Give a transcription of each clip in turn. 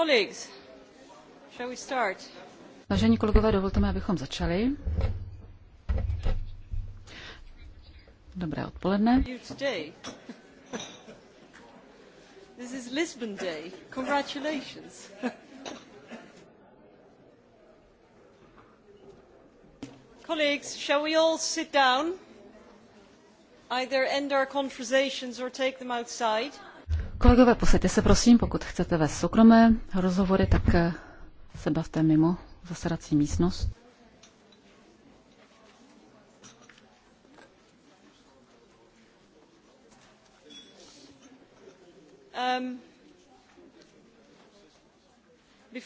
colleagues, Vážení kolegové, dovolte mi, abychom začali. Dobré odpoledne. This is Lisbon Day. Congratulations. Colleagues, shall we all sit down? Either end our conversations or take them outside. Kolegové, posaďte se prosím, pokud chcete ve soukromé rozhovory, tak eh, se bavte mimo zasedací místnost. Um, the...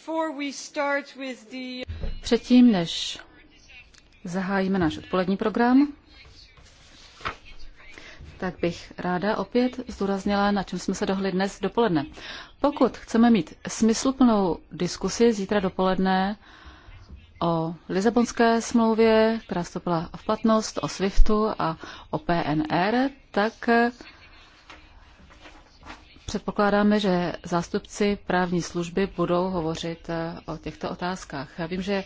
Předtím, než zahájíme náš odpolední program, tak bych ráda opět zdůraznila, na čem jsme se dohli dnes dopoledne. Pokud chceme mít smysluplnou diskusi zítra dopoledne o Lisabonské smlouvě, která vstoupila v platnost, o SWIFTu a o PNR, tak eh, Předpokládáme, že zástupci právní služby budou hovořit eh, o těchto otázkách. Já vím, že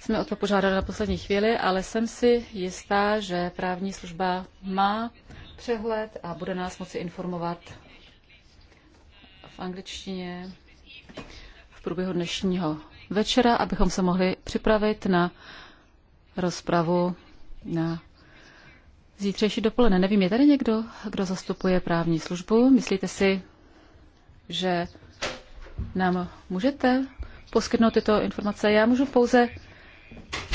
jsme o to požádali na poslední chvíli, ale jsem si jistá, že právní služba má přehled a bude nás moci informovat v angličtině v průběhu dnešního večera, abychom se mohli připravit na rozpravu na zítřejší dopoledne. Nevím, je tady někdo, kdo zastupuje právní službu? Myslíte si, že nám můžete poskytnout tyto informace? Já můžu pouze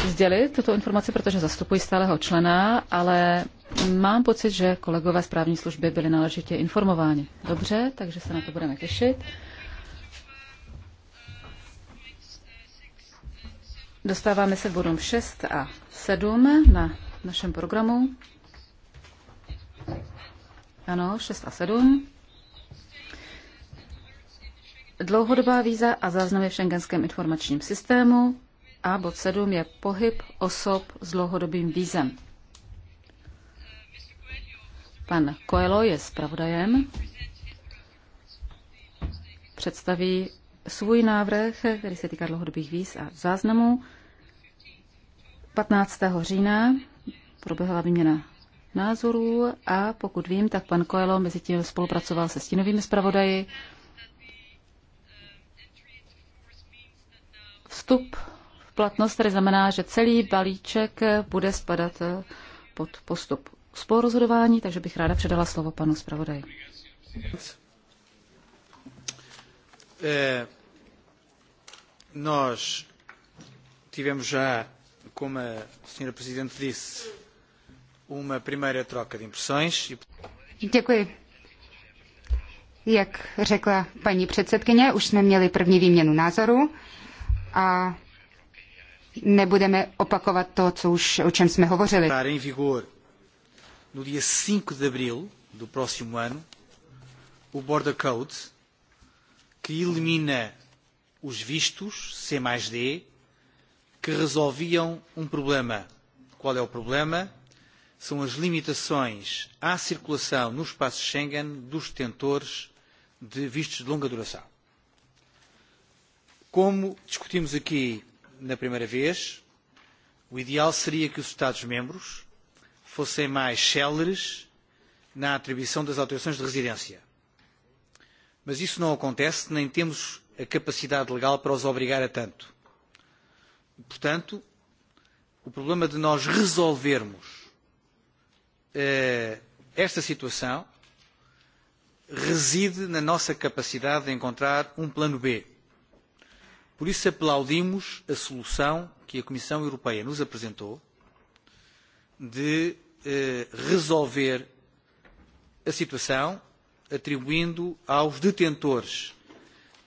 sdělit tuto informaci, protože zastupuji stáleho člena, ale Mám pocit, že kolegové z právní služby byli náležitě informováni. Dobře, takže se na to budeme těšit. Dostáváme se bodům 6 a 7 na našem programu. Ano, 6 a 7. Dlouhodobá víza a záznamy v šengenském informačním systému. A bod 7 je pohyb osob s dlouhodobým vízem. Pan Coelho je zpravodajem. Představí svůj návrh, který se týká dlouhodobých víz a záznamů. 15. října proběhla výměna názorů a pokud vím, tak pan Coelho mezi tím spolupracoval se stínovými zpravodaji. Vstup v platnost tedy znamená, že celý balíček bude spadat pod postup spolurozhodování, takže bych ráda předala slovo panu zpravodaji. Eh, nós tivemos já, como a senhora Presidente disse, uma primeira troca de impressões. E Děkuji. Jak řekla paní předsedkyně, už jsme měli první výměnu názoru a nebudeme opakovat to, co už, o čem jsme hovořili no dia 5 de abril do próximo ano, o Border Code, que elimina os vistos C mais D que resolviam um problema. Qual é o problema? São as limitações à circulação no espaço Schengen dos detentores de vistos de longa duração. Como discutimos aqui na primeira vez, o ideal seria que os Estados-membros fossem mais céleres na atribuição das autorizações de residência. Mas isso não acontece, nem temos a capacidade legal para os obrigar a tanto. Portanto, o problema de nós resolvermos eh, esta situação reside na nossa capacidade de encontrar um plano B. Por isso aplaudimos a solução que a Comissão Europeia nos apresentou, de eh, resolver a situação atribuindo aos detentores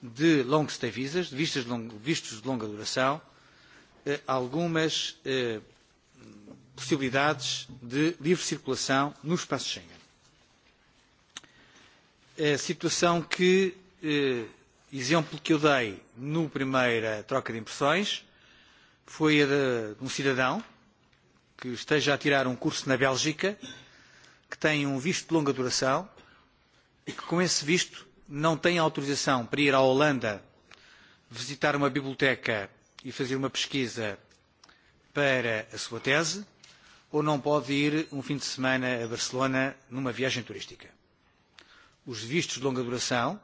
de long stay visas, de vistos de longa, vistos de longa duração, eh, algumas eh, possibilidades de livre circulação no espaço Schengen. A situação que, eh, exemplo que eu dei no primeira troca de impressões, foi a de um cidadão que esteja a tirar um curso na Bélgica, que tem um visto de longa duração e que com esse visto não tem autorização para ir à Holanda visitar uma biblioteca e fazer uma pesquisa para a sua tese, ou não pode ir um fim de semana a Barcelona numa viagem turística. Os vistos de longa duração,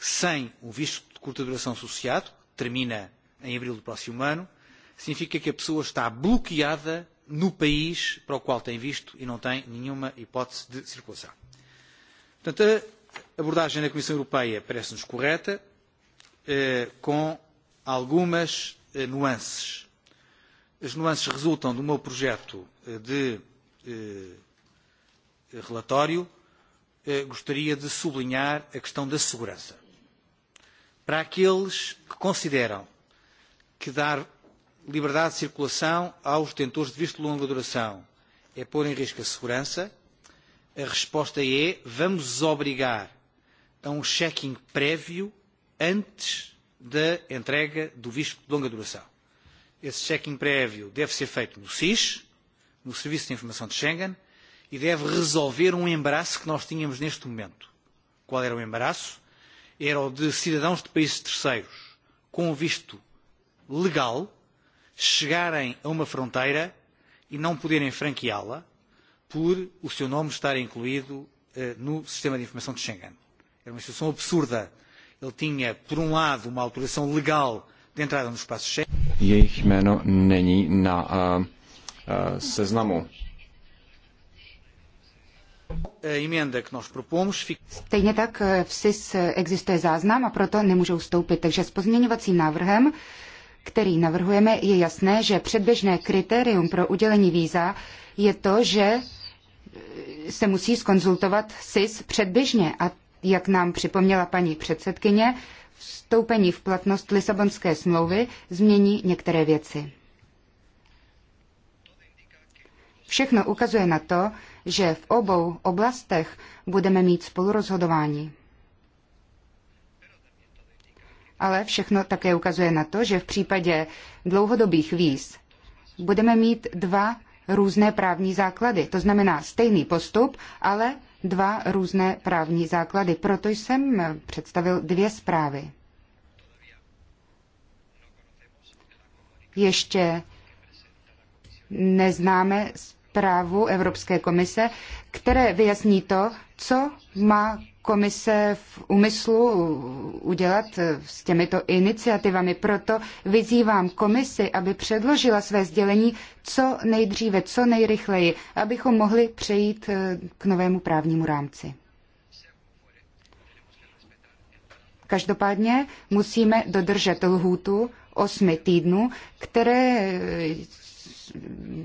sem o um visto de curta duração associado, termina em abril do próximo ano, significa que a pessoa está bloqueada no país para o qual tem visto e não tem nenhuma hipótese de circulação. Portanto, a abordagem da Comissão Europeia parece-nos correta, eh, com algumas eh, nuances. As nuances resultam do meu projeto eh, de relatório. Gostaria de sublinhar a questão da segurança. Para aqueles que consideram que dar liberdade de circulação aos detentores de visto de longa duração. É pôr em risco a segurança. A resposta é vamos obrigar a um checking prévio antes da entrega do visto de longa duração. Esse checking prévio deve ser feito no SIS, no Serviço de Informação de Schengen, e deve resolver um embaraço que nós tínhamos neste momento. Qual era o embaraço? Era o de cidadãos de países terceiros com visto legal, chegarem a uma fronteira e não poderem franqueá-la por o seu nome estar incluído eh, no sistema de informação de Schengen. Era uma situação absurda. Ele tinha, por um lado, uma autorização legal de entrada no espaço Schengen. Jejich jméno není na uh, uh, seznamu. Stejně tak v SIS existuje záznam a proto nemůžou vstoupit. Takže s pozměňovacím návrhem který navrhujeme, je jasné, že předběžné kritérium pro udělení víza je to, že e, se musí skonzultovat SIS předběžně a jak nám připomněla paní předsedkyně, vstoupení v platnost Lisabonské smlouvy změní některé věci. Všechno ukazuje na to, že v obou oblastech budeme mít spolurozhodování ale všechno také ukazuje na to, že v případě dlouhodobých víz budeme mít dva různé právní základy. To znamená stejný postup, ale dva různé právní základy. Proto jsem představil dvě zprávy. Ještě neznáme zprávu Evropské komise, které vyjasní to, co má komise v úmyslu udělat s těmito iniciativami. Proto vyzývám komisi, aby předložila své sdělení co nejdříve, co nejrychleji, abychom mohli přejít eh, k novému právnímu rámci. Každopádně musíme dodržet lhůtu osmi týdnů, které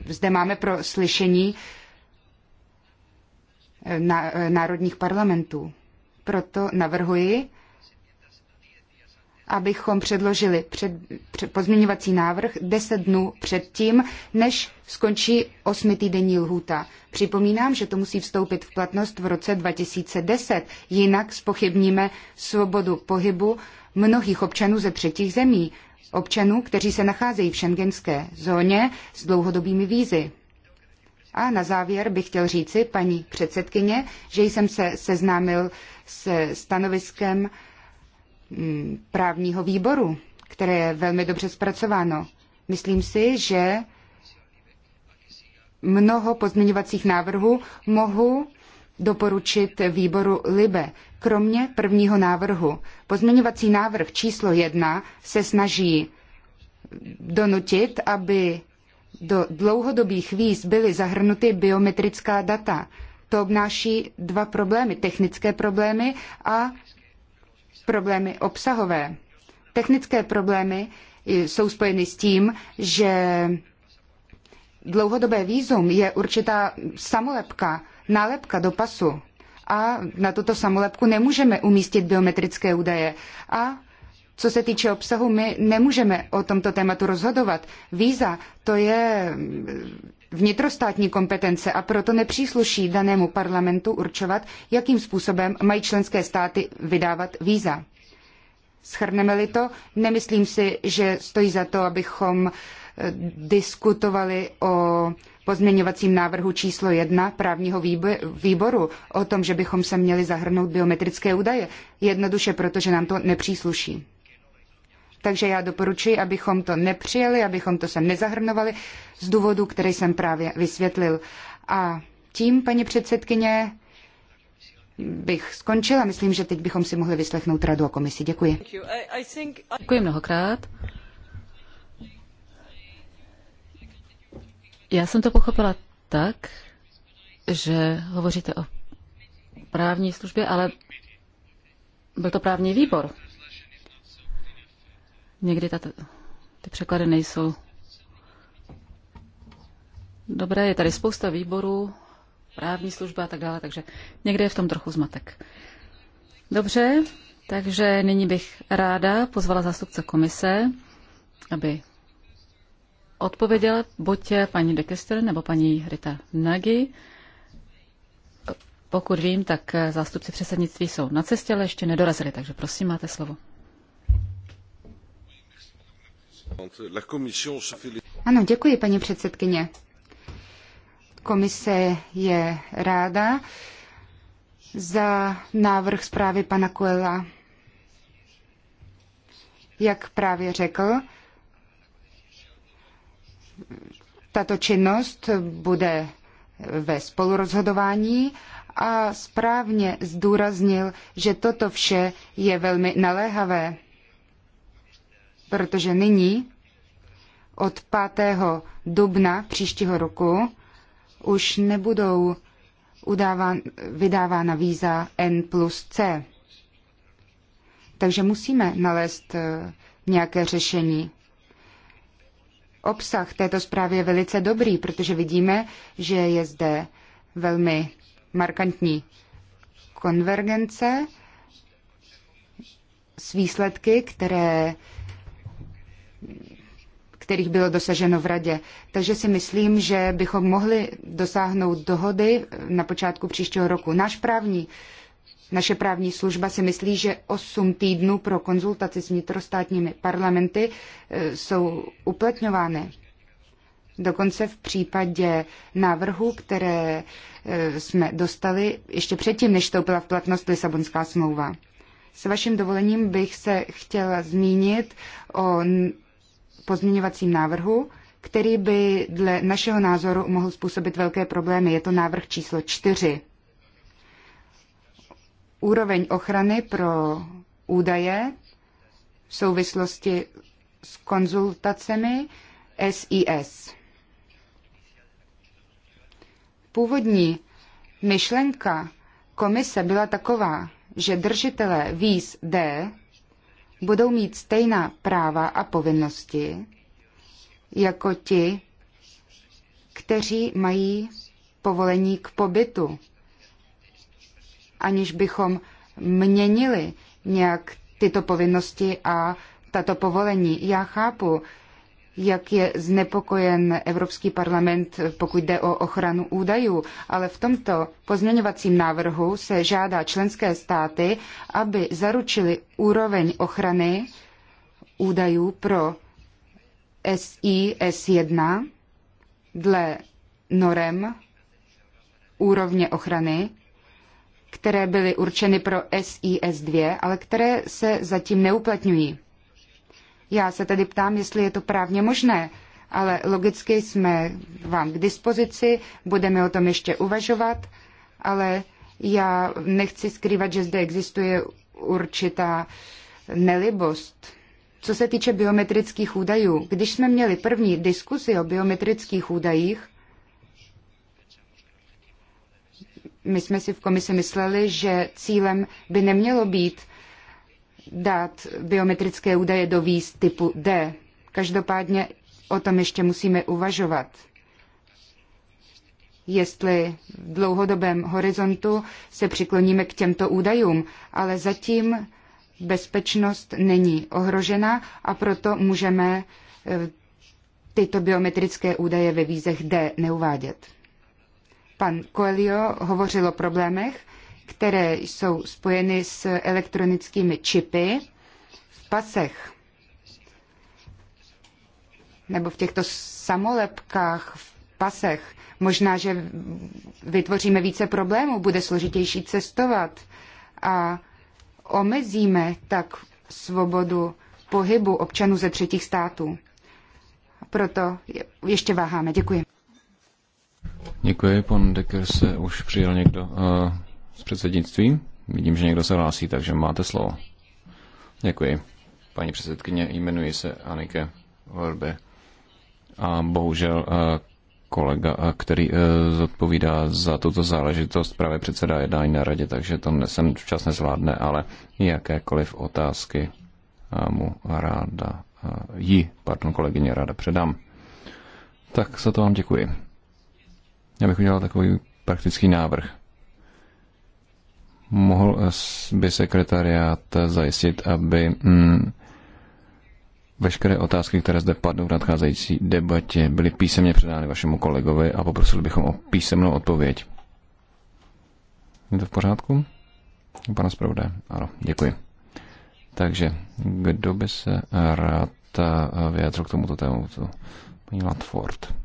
zde máme pro slyšení eh, na, eh, národních parlamentů. Proto navrhuji, abychom předložili před, před pozměňovací návrh 10 dnů předtím, než skončí osmitýdenní lhůta. Připomínám, že to musí vstoupit v platnost v roce 2010, jinak spochybníme svobodu pohybu mnohých občanů ze třetích zemí občanů, kteří se nacházejí v šengenské zóně s dlouhodobými vízy. A na závěr bych chtěl říci paní předsedkyně, že jsem se seznámil se stanoviskem mm, právního výboru, které je velmi dobře zpracováno. Myslím si, že mnoho pozměňovacích návrhů mohu doporučit výboru LIBE kromě prvního návrhu. Pozměňovací návrh číslo jedna se snaží donutit, aby do dlouhodobých víz byly zahrnuty biometrická data. To obnáší dva problémy, technické problémy a problémy obsahové. Technické problémy jsou spojeny s tím, že dlouhodobé vízum je určitá samolepka, nálepka do pasu a na tuto samolepku nemůžeme umístit biometrické údaje. A co se týče obsahu, my nemůžeme o tomto tématu rozhodovat. Víza to je mm, vnitrostátní kompetence a proto nepřísluší danému parlamentu určovat, jakým způsobem mají členské státy vydávat víza. Schrneme-li to, nemyslím si, že stojí za to, abychom eh, diskutovali o pozměňovacím návrhu číslo jedna právního výboru o tom, že bychom se měli zahrnout biometrické údaje, jednoduše proto, že nám to nepřísluší. Takže já doporučuji, abychom to nepřijali, abychom to sem nezahrnovali z důvodu, který jsem právě vysvětlil. A tím, paní předsedkyně, bych skončila. Myslím, že teď bychom si mohli vyslechnout radu a komisi. Děkuji. Děkuji mnohokrát. Já jsem to pochopila tak, že hovoříte o právní službě, ale byl to právní výbor. Někdy tato, ty překlady nejsou dobré. Je tady spousta výborů, právní služba a tak dále, takže někde je v tom trochu zmatek. Dobře, takže nyní bych ráda pozvala zástupce komise, aby odpověděl buď paní de Kester nebo paní Rita Nagy. Pokud vím, tak zástupci předsednictví jsou na cestě, ale ještě nedorazili, takže prosím, máte slovo. Ano, děkuji, paní předsedkyně. Komise je ráda za návrh zprávy pana Kuela. Jak právě řekl, tato činnost bude ve spolurozhodování a správně zdůraznil, že toto vše je velmi naléhavé, protože nyní od 5. dubna příštího roku už nebudou udáván, vydávána víza N plus C. Takže musíme nalézt eh, nějaké řešení obsah této zprávy je velice dobrý, protože vidíme, že je zde velmi markantní konvergence s výsledky, které, kterých bylo dosaženo v radě. Takže si myslím, že bychom mohli dosáhnout dohody na počátku příštího roku. Náš právní uh, naše právní služba si myslí, že 8 týdnů pro konzultaci s vnitrostátními parlamenty e, jsou uplatňovány. Dokonce v případě návrhů, které e, jsme dostali ještě předtím, než vstoupila v platnost Lisabonská smlouva. S vaším dovolením bych se chtěla zmínit o pozměňovacím návrhu, který by dle našeho názoru mohl způsobit velké problémy. Je to návrh číslo čtyři úroveň ochrany pro údaje v souvislosti s konzultacemi SIS. Původní myšlenka komise byla taková, že držitelé víz D budou mít stejná práva a povinnosti jako ti, kteří mají povolení k pobytu aniž bychom měnili nějak tyto povinnosti a tato povolení. Já chápu, jak je znepokojen Evropský parlament, pokud jde o ochranu údajů, ale v tomto pozměňovacím návrhu se žádá členské státy, aby zaručili úroveň ochrany údajů pro SIS 1 dle norem úrovně ochrany, které byly určeny pro SIS-2, ale které se zatím neuplatňují. Já se tedy ptám, jestli je to právně možné, ale logicky jsme vám k dispozici, budeme o tom ještě uvažovat, ale já nechci skrývat, že zde existuje určitá nelibost. Co se týče biometrických údajů, když jsme měli první diskusi o biometrických údajích, my jsme si v komisi mysleli, že cílem by nemělo být dát biometrické údaje do víz typu D. Každopádně o tom ještě musíme uvažovat. Jestli v dlouhodobém horizontu se přikloníme k těmto údajům, ale zatím bezpečnost není ohrožena a proto můžeme eh, tyto biometrické údaje ve vízech D neuvádět. Pan Coelho hovořil o problémech, které jsou spojeny s elektronickými čipy v pasech nebo v těchto samolepkách v pasech. Možná, že vytvoříme více problémů, bude složitější cestovat a omezíme tak svobodu pohybu občanů ze třetích států. Proto ještě váháme. Děkuji. Děkuji, pan Decker se už přijel někdo uh, z předsednictvím. Vidím, že někdo se hlásí, takže máte slovo. Děkuji. Paní předsedkyně, jmenuji se Anike Orbe a bohužel uh, kolega, eh, který zodpovídá za tuto záležitost, právě předseda jednání na radě, takže to jsem včas nezvládne, ale jakékoliv otázky mu ráda, ji, pardon, kolegyně ráda předám. Tak za to vám děkuji. Já bych udělal takový praktický návrh. Mohl eh, by sekretariát zajistit, aby mm, veškeré otázky, které zde padnou v nadcházející debatě, byly písemně předány vašemu kolegovi a poprosili bychom o písemnou odpověď. Je to v pořádku? Pana zpravodaje? Ano, děkuji. Takže, kdo by se rád eh, vyjádřil k tomuto tématu? Paní Latford.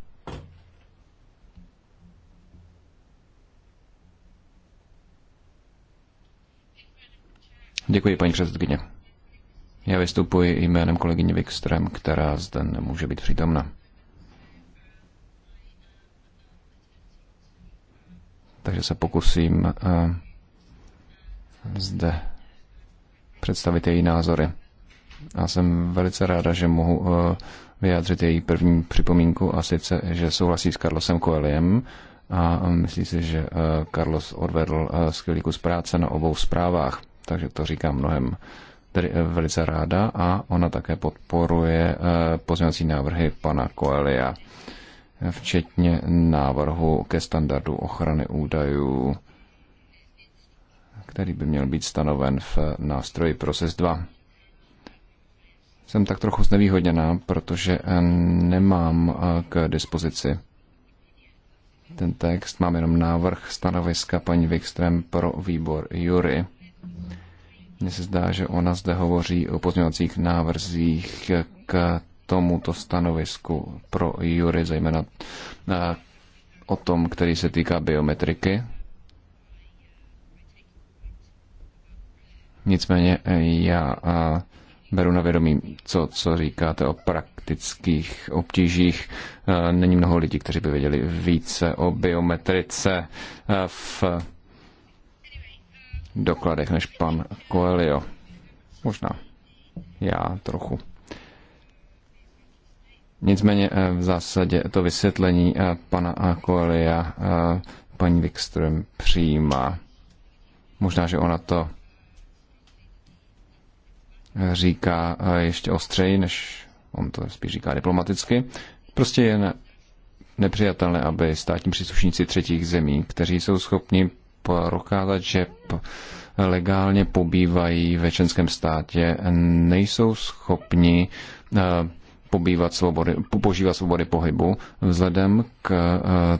Děkuji, paní předsedkyně. Já vystupuji jménem kolegyně Wikström, která zde nemůže být přítomna. Takže se pokusím eh, zde představit její názory. Já jsem velice ráda, že mohu eh, vyjádřit její první připomínku a sice, že souhlasí s Carlosem Coeliem a myslí si, že eh, Carlos odvedl skvělý kus práce na obou zprávách. Takže to říkám mnohem tedy eh, velice ráda a ona také podporuje eh, pozměňovací návrhy pana Koelia, eh, včetně návrhu ke standardu ochrany údajů, který by měl být stanoven v nástroji Proces 2. Jsem tak trochu znevýhodněná, protože nemám k dispozici ten text, mám jenom návrh stanoviska paní Wikström pro výbor Jury mně se zdá, že ona zde hovoří o pozměňovacích návrzích k tomuto stanovisku pro jury, zejména eh, o tom, který se týká biometriky. Nicméně eh, já eh, beru na vědomí, co, co říkáte o praktických obtížích. Není mnoho lidí, kteří by věděli více o biometrice v dokladech než pan Coelho. Možná já trochu. Nicméně eh, v zásadě to vysvětlení eh, pana eh, Coelho paní Wikström přijímá. Možná, že ona to říká ještě ostřeji, než on to spíš říká diplomaticky. Prostě je nepřijatelné, aby státní příslušníci třetích zemí, kteří jsou schopni prokázat, že legálně pobývají ve členském státě, nejsou schopni eh, pobývat svobody, požívat svobody pohybu vzhledem k eh,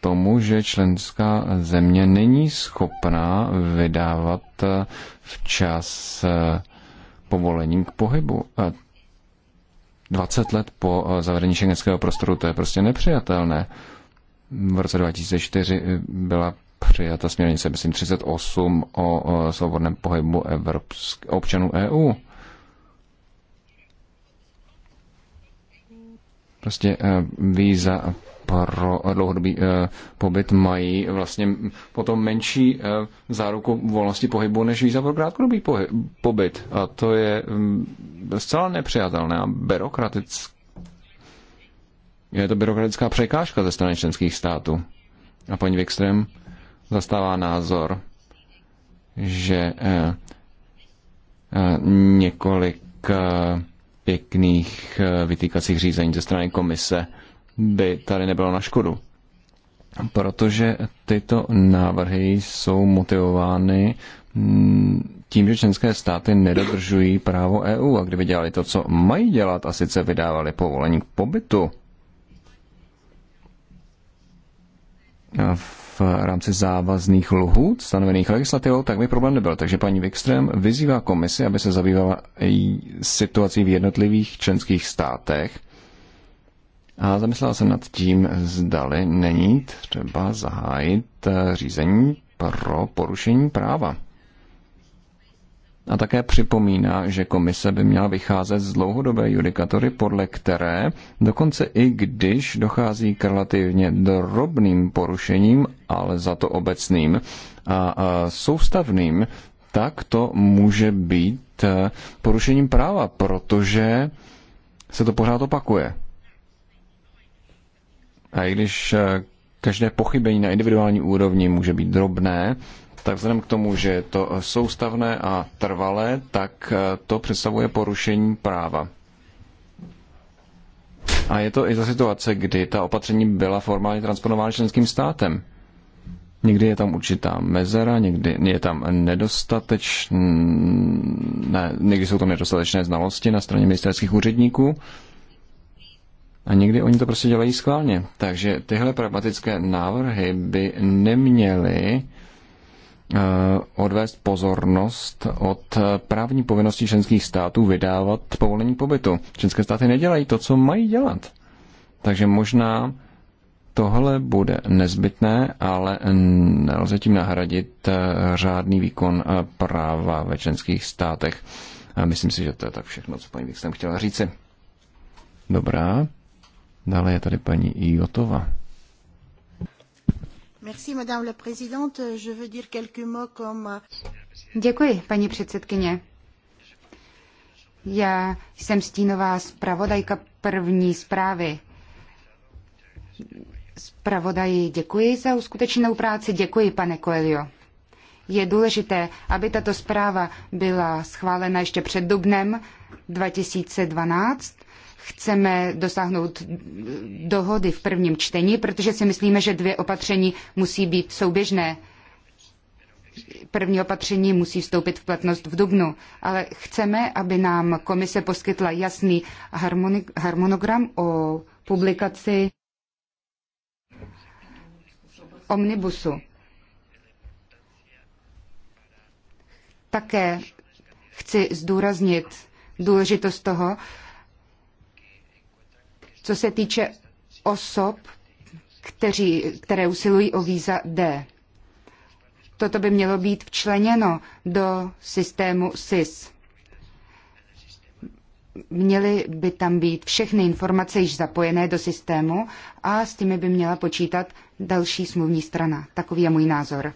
tomu, že členská země není schopná vydávat eh, včas povolením k pohybu. 20 let po zavedení šengenského prostoru to je prostě nepřijatelné. V roce 2004 byla přijata směrnice, myslím, 38 o, svobodném pohybu evropsk- občanů EU. Prostě e, víza pro dlouhodobý e, pobyt mají vlastně potom menší e, záruku volnosti pohybu než víza pro krátkodobý pobyt. A to je zcela nepřijatelné a byrokratické. Je to byrokratická překážka ze strany členských států. A paní Vikström? zastává názor, že eh, eh, několik eh, pěkných vytýkacích řízení ze strany komise by tady nebylo na škodu. Protože tyto návrhy jsou motivovány mm, tím, že členské státy nedodržují právo EU a kdyby dělali to, co mají dělat a sice vydávali povolení k pobytu v rámci závazných lhůt stanovených legislativou, tak by problém nebyl. Takže paní Wikström vyzývá komisi, aby se zabývala i situací v jednotlivých členských státech. A zamyslela se nad tím, zdali není třeba zahájit eh, řízení pro porušení práva. A také připomíná, že komise by měla vycházet z dlouhodobé judikatory, podle které, dokonce i když dochází k relativně drobným porušením, ale za to obecným a soustavným, tak to může být e, porušením práva, protože se to pořád opakuje. A i když e, každé pochybení na individuální úrovni může být drobné, tak vzhledem k tomu, že je to eh, soustavné a trvalé, tak eh, to představuje porušení práva. A je to i za situace, kdy ta opatření byla formálně transponována členským státem. Někdy je tam určitá mezera, někdy je tam nedostatečné, ne, někdy jsou tam nedostatečné znalosti na straně ministerských úředníků. A někdy oni to prostě dělají schválně. Takže tyhle pragmatické návrhy by neměly Eh, odvést pozornost od eh, právní povinnosti členských států vydávat povolení pobytu. Členské státy nedělají to, co mají dělat. Takže možná tohle bude nezbytné, ale nelze tím nahradit eh, řádný výkon práva ve členských státech. Myslím si, že to je tak všechno, co paní Vix chtěla říci. Dobrá. Dále je tady paní Jotova. Euh, děkuji, paní předsedkyně. Já jsem stínová zpravodajka první zprávy. Zpravodaji děkuji za uskutečněnou práci, děkuji, pane Coelho. Je důležité, aby tato zpráva byla schválena ještě před dubnem 2012 chceme dosáhnout dohody v prvním čtení, protože si myslíme, že dvě opatření musí být souběžné. První opatření musí vstoupit v platnost v dubnu, ale chceme, aby nám komise poskytla jasný harmonogram o publikaci omnibusu. Také chci zdůraznit důležitost toho, co se týče osob, kteří, které usilují o víza D. Toto by mělo být včleněno do systému SIS. Měly by tam být všechny informace již zapojené do systému a s těmi by měla počítat další smluvní strana. Takový je můj názor.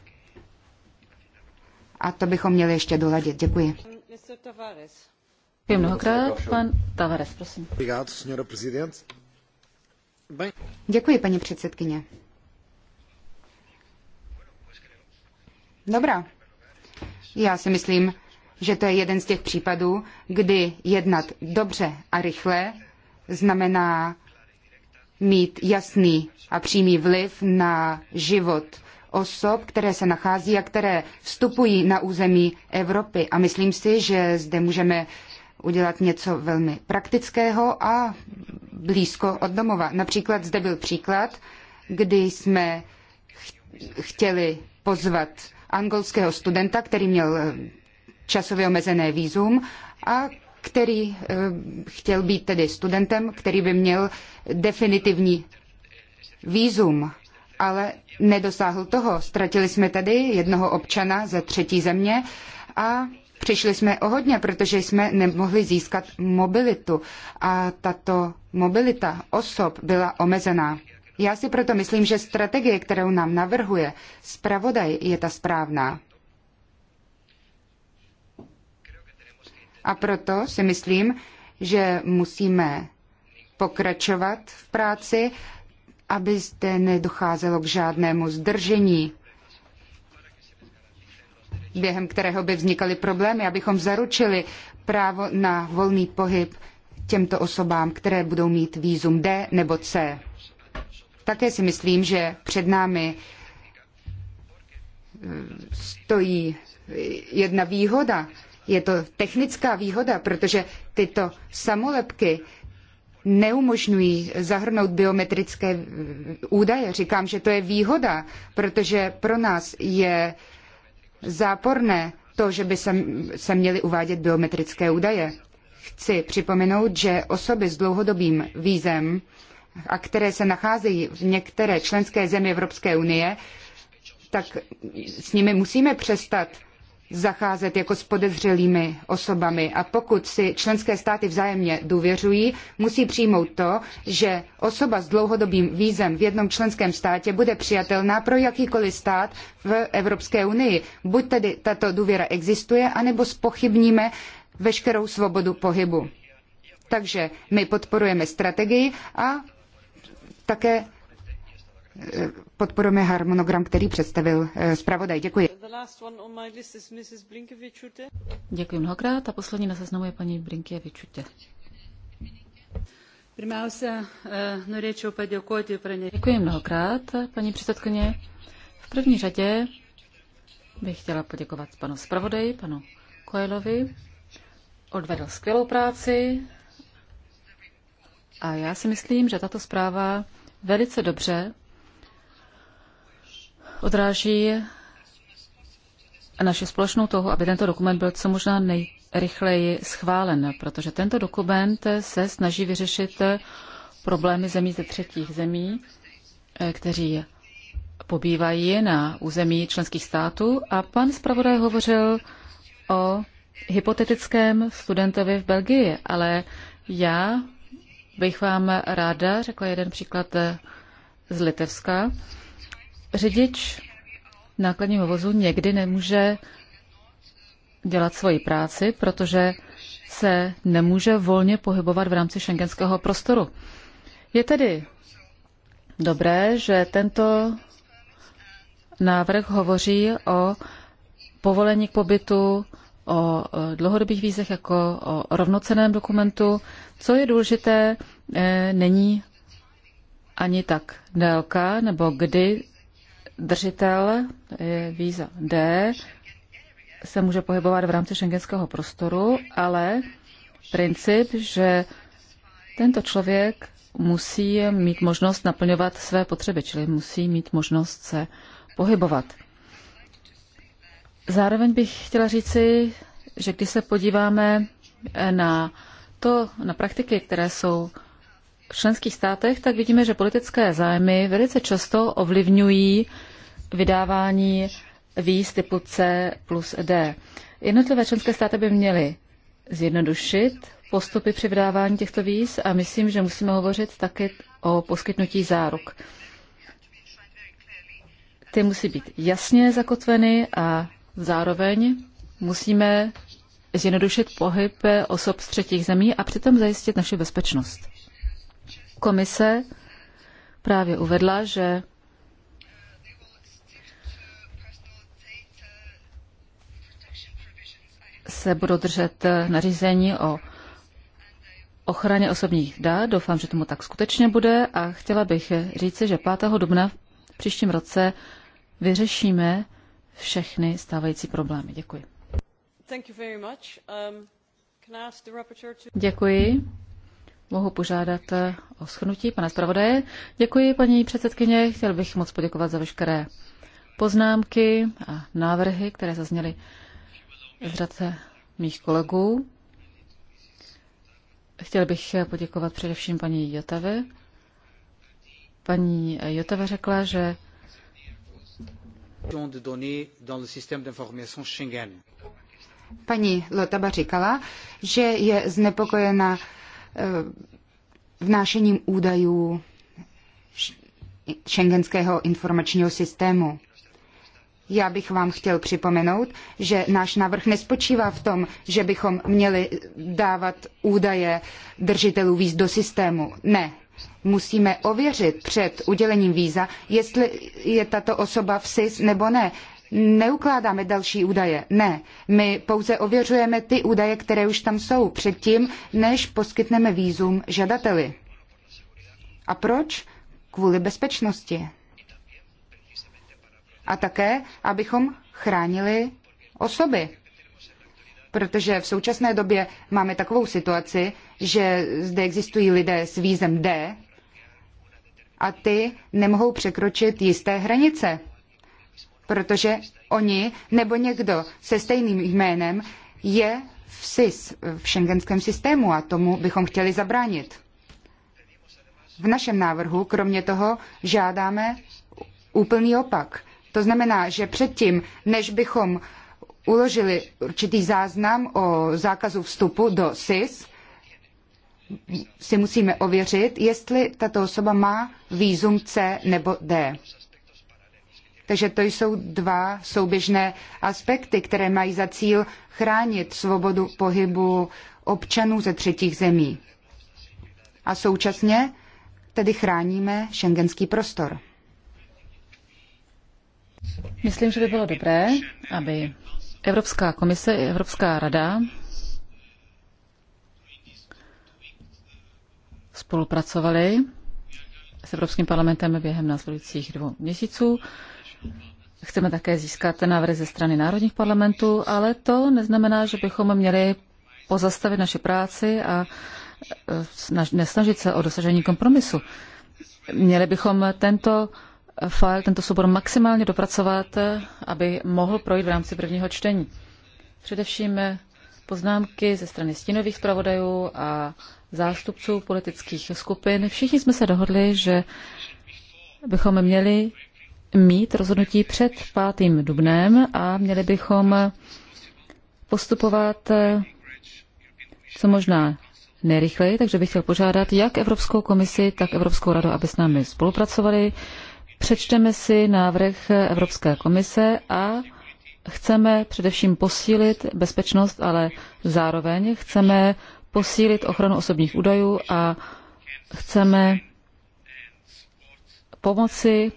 A to bychom měli ještě doladit. Děkuji. Děkuji mnohokrát. Pan Tavares, prosím. Děkuji, paní předsedkyně. Dobrá. Já si myslím, že to je jeden z těch případů, kdy jednat dobře a rychle znamená mít jasný a přímý vliv na život osob, které se nachází a které vstupují na území Evropy. A myslím si, že zde můžeme udělat něco velmi praktického a blízko od domova. Například zde byl příklad, kdy jsme chtěli pozvat angolského studenta, který měl eh, časově omezené výzum a který eh, chtěl být tedy studentem, který by měl definitivní výzum, ale nedosáhl toho. Ztratili jsme tedy jednoho občana ze třetí země a Přišli jsme o hodně, protože jsme nemohli získat mobilitu a tato mobilita osob byla omezená. Já si proto myslím, že strategie, kterou nám navrhuje zpravodaj, je ta správná. A proto si myslím, že musíme pokračovat v práci, aby zde nedocházelo k žádnému zdržení během kterého by vznikaly problémy, abychom zaručili právo na volný pohyb těmto osobám, které budou mít výzum D nebo C. Také si myslím, že před námi eh, stojí jedna výhoda. Je to technická výhoda, protože tyto samolepky neumožňují zahrnout biometrické údaje. Říkám, že to je výhoda, protože pro nás je záporné to, že by se, se měly uvádět biometrické údaje. Chci připomenout, že osoby s dlouhodobým vízem a které se nacházejí v některé členské zemi Evropské unie, tak s nimi musíme přestat zacházet jako s podezřelými osobami. A pokud si členské státy vzájemně důvěřují, musí přijmout to, že osoba s dlouhodobým vízem v jednom členském státě bude přijatelná pro jakýkoliv stát v Evropské unii. Buď tedy tato důvěra existuje, anebo spochybníme veškerou svobodu pohybu. Takže my podporujeme strategii a také podporujeme harmonogram, který představil eh, zpravodaj. Děkuji. Děkuji mnohokrát a poslední na seznamu je paní Brinkievičutě. Eh, Děkuji mnohokrát, paní předsedkyně. V první řadě bych chtěla poděkovat panu zpravodaji, panu Koelovi. Odvedl skvělou práci a já si myslím, že tato zpráva velice dobře odráží naši společnou touhu, aby tento dokument byl co možná nejrychleji schválen, protože tento dokument se snaží vyřešit problémy zemí ze třetích zemí, eh, kteří pobývají na území členských států a pan zpravodaj hovořil o hypotetickém studentovi v Belgii, ale já bych vám ráda řekla jeden příklad eh, z Litevska. Řidič nákladního vozu někdy nemůže dělat svoji práci, protože se nemůže volně pohybovat v rámci šengenského prostoru. Je tedy dobré, že tento návrh hovoří o povolení k pobytu, o dlouhodobých vízech jako o rovnoceném dokumentu. Co je důležité, eh, není ani tak délka nebo kdy držitel víza D se může pohybovat v rámci šengenského prostoru, ale princip, že tento člověk musí mít možnost naplňovat své potřeby, čili musí mít možnost se pohybovat. Zároveň bych chtěla říci, že když se podíváme na to, na praktiky, které jsou v členských státech, tak vidíme, že politické zájmy velice často ovlivňují vydávání víz typu C plus D. Jednotlivé členské státy by měly zjednodušit postupy při vydávání těchto víz a myslím, že musíme hovořit také o poskytnutí záruk. Ty musí být jasně zakotveny a zároveň musíme zjednodušit pohyb osob z třetích zemí a přitom zajistit naši bezpečnost. Komise právě uvedla, že se budou držet eh, nařízení o ochraně osobních dat. Doufám, že tomu tak skutečně bude a chtěla bych eh, říci, že 5. dubna v příštím roce vyřešíme všechny stávající problémy. Děkuji. Um, Děkuji. Mohu požádat eh, o schnutí pana zpravodaje. Děkuji, paní předsedkyně. Chtěl bych moc poděkovat za veškeré poznámky a návrhy, které zazněly z řadce mých kolegů. Chtěl bych poděkovat především paní Jotave. Paní Jotave řekla, že Paní Lotaba říkala, že je znepokojena eh, vnášením údajů šengenského informačního systému. Já bych vám chtěl připomenout, že náš návrh nespočívá v tom, že bychom měli dávat údaje držitelů víz do systému. Ne, musíme ověřit před udělením víza, jestli je tato osoba v SIS nebo ne. Neukládáme další údaje, ne. My pouze ověřujeme ty údaje, které už tam jsou, předtím, než poskytneme vízum žadateli. A proč? Kvůli bezpečnosti a také, abychom chránili osoby. Protože v současné době máme takovou situaci, že zde existují lidé s vízem D a ty nemohou překročit jisté hranice, protože oni nebo někdo se stejným jménem je v SIS, v šengenském systému a tomu bychom chtěli zabránit. V našem návrhu kromě toho žádáme úplný opak. To znamená, že předtím, než bychom uložili určitý záznam o zákazu vstupu do SIS, si musíme ověřit, jestli tato osoba má výzum C nebo D. Takže to jsou dva souběžné aspekty, které mají za cíl chránit svobodu pohybu občanů ze třetích zemí. A současně tedy chráníme šengenský prostor. Myslím, že by bylo dobré, aby Evropská komise i Evropská rada spolupracovali s Evropským parlamentem během následujících dvou měsíců. Chceme také získat návrhy ze strany národních parlamentů, ale to neznamená, že bychom měli pozastavit naše práci a e, nesnažit se o dosažení kompromisu. Měli bychom tento file, tento soubor maximálně dopracovat, aby mohl projít v rámci prvního čtení. Především poznámky ze strany stínových zpravodajů a zástupců politických skupin. Všichni jsme se dohodli, že bychom měli mít rozhodnutí před 5. dubnem a měli bychom postupovat eh, co možná nejrychleji, takže bych chtěl požádat jak Evropskou komisi, tak Evropskou radu, aby s námi spolupracovali. Přečteme si návrh Evropské komise a chceme především posílit bezpečnost, ale zároveň chceme posílit ochranu osobních údajů a chceme pomoci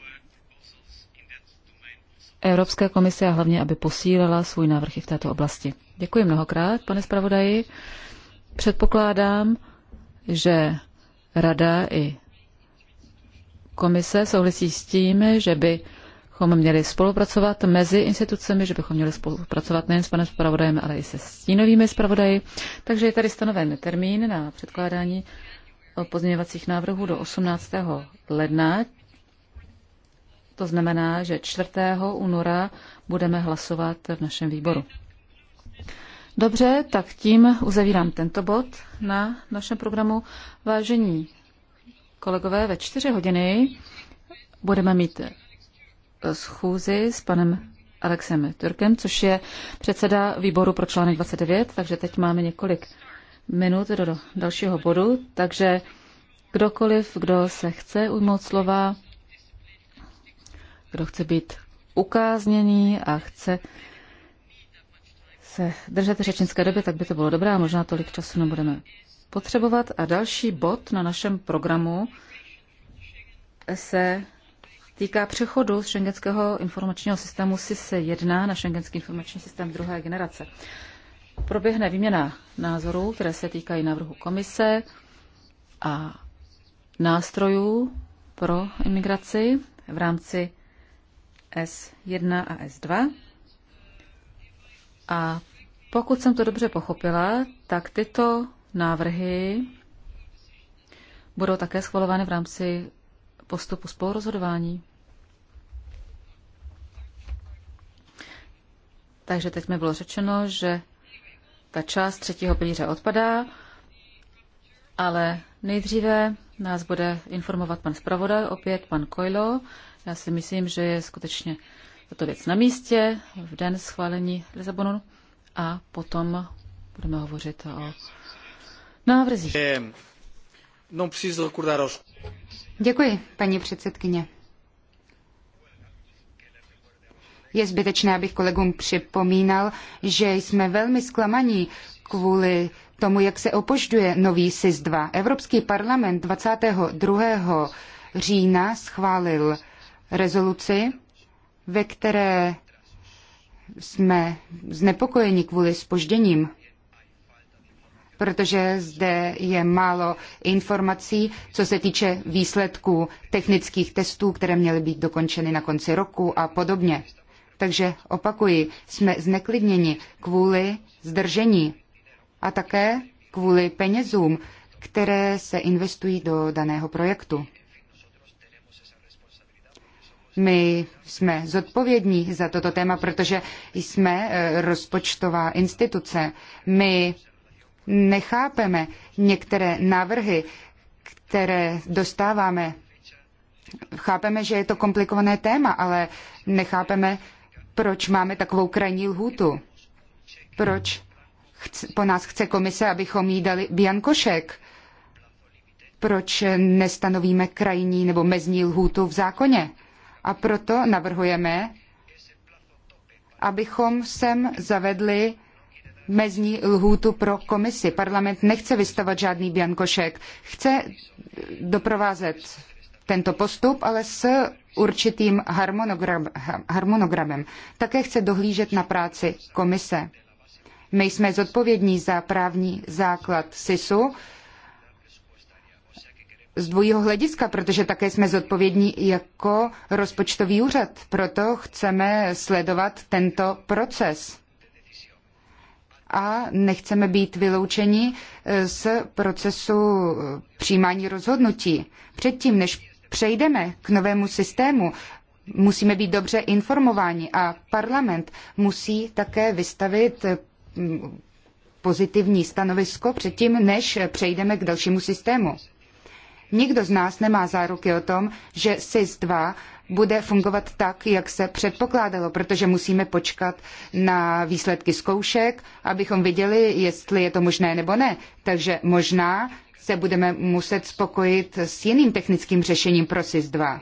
Evropské komise a hlavně, aby posílila svůj návrh i v této oblasti. Děkuji mnohokrát, pane zpravodaji. Předpokládám, že Rada i komise souhlasí s tím, že bychom měli spolupracovat mezi institucemi, že bychom měli spolupracovat nejen s panem zpravodajem, ale i se stínovými zpravodaji. Takže je tady stanoven termín na předkládání pozměňovacích návrhů do 18. ledna. To znamená, že 4. února budeme hlasovat v našem výboru. Dobře, tak tím uzavírám tento bod na našem programu. Vážení Kolegové, ve čtyři hodiny budeme mít eh, schůzi s panem Alexem Turkem, což je předseda výboru pro článek 29, takže teď máme několik minut do dalšího bodu, takže kdokoliv, kdo se chce ujmout slova, kdo chce být ukázněný a chce se držet řečnické doby, tak by to bylo dobré a možná tolik času nebudeme potřebovat. A další bod na našem programu se týká přechodu z šengenského informačního systému SIS 1 na šengenský informační systém druhé generace. Proběhne výměna názorů, které se týkají návrhu komise a nástrojů pro imigraci v rámci S1 a S2. A pokud jsem to dobře pochopila, tak tyto návrhy budou také schvalovány v rámci postupu spolurozhodování. Takže teď mi bylo řečeno, že ta část třetího pilíře odpadá, ale nejdříve nás bude informovat pan zpravodaj, opět pan Kojlo. Já si myslím, že je skutečně tato věc na místě v den schválení Lisabonu a potom budeme hovořit o návrzích. Eh, Děkuji, paní předsedkyně. Je zbytečné, abych kolegům připomínal, že jsme velmi zklamaní kvůli tomu, jak se opožďuje nový SIS-2. Evropský parlament 22. října schválil rezoluci, ve které jsme znepokojeni kvůli spožděním protože zde je málo informací, co se týče výsledků technických testů, které měly být dokončeny na konci roku a podobně. Takže opakuji, jsme zneklidněni kvůli zdržení a také kvůli penězům, které se investují do daného projektu. My jsme zodpovědní za toto téma, protože jsme eh, rozpočtová instituce. My nechápeme některé návrhy, které dostáváme. Chápeme, že je to komplikované téma, ale nechápeme, proč máme takovou krajní lhůtu. Proč po nás chce komise, abychom jí dali biankošek? Proč nestanovíme krajní nebo mezní lhůtu v zákoně? A proto navrhujeme, abychom sem zavedli mezní lhůtu pro komisi. Parlament nechce vystavovat žádný biankošek. Chce doprovázet tento postup, ale s určitým harmonogram, harmonogramem. Také chce dohlížet na práci komise. My jsme zodpovědní za právní základ SISu z dvojího hlediska, protože také jsme zodpovědní jako rozpočtový úřad. Proto chceme sledovat tento proces a nechceme být vyloučeni eh, z procesu eh, přijímání rozhodnutí. Předtím, než přejdeme k novému systému, musíme být dobře informováni a parlament musí také vystavit eh, pozitivní stanovisko předtím, než přejdeme k dalšímu systému. Nikdo z nás nemá záruky o tom, že SIS-2 bude fungovat tak, jak se předpokládalo, protože musíme počkat na výsledky zkoušek, abychom viděli, jestli je to možné nebo ne. Takže možná se budeme muset spokojit s jiným technickým řešením pro SIS 2.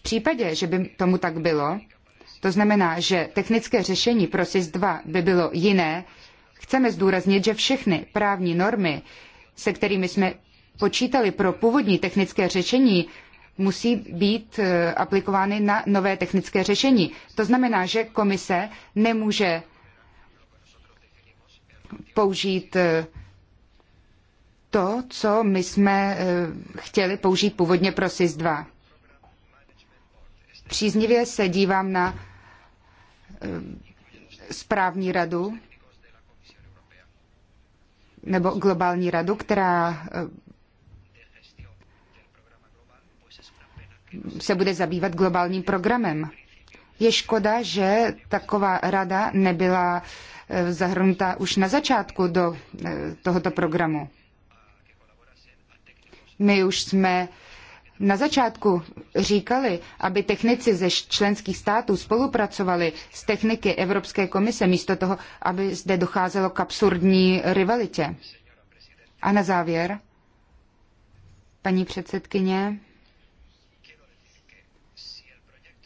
V případě, že by tomu tak bylo, to znamená, že technické řešení pro SIS 2 by bylo jiné, chceme zdůraznit, že všechny právní normy, se kterými jsme počítali pro původní technické řešení, musí být eh, aplikovány na nové technické řešení. To znamená, že komise nemůže použít eh, to, co my jsme eh, chtěli použít původně pro SIS 2. Příznivě se dívám na správní radu nebo globální radu, která se bude zabývat globálním programem. Je škoda, že taková rada nebyla eh, zahrnuta už na začátku do eh, tohoto programu. My už jsme na začátku říkali, aby technici ze členských států spolupracovali s techniky Evropské komise, místo toho, aby zde docházelo k absurdní rivalitě. A na závěr, paní předsedkyně,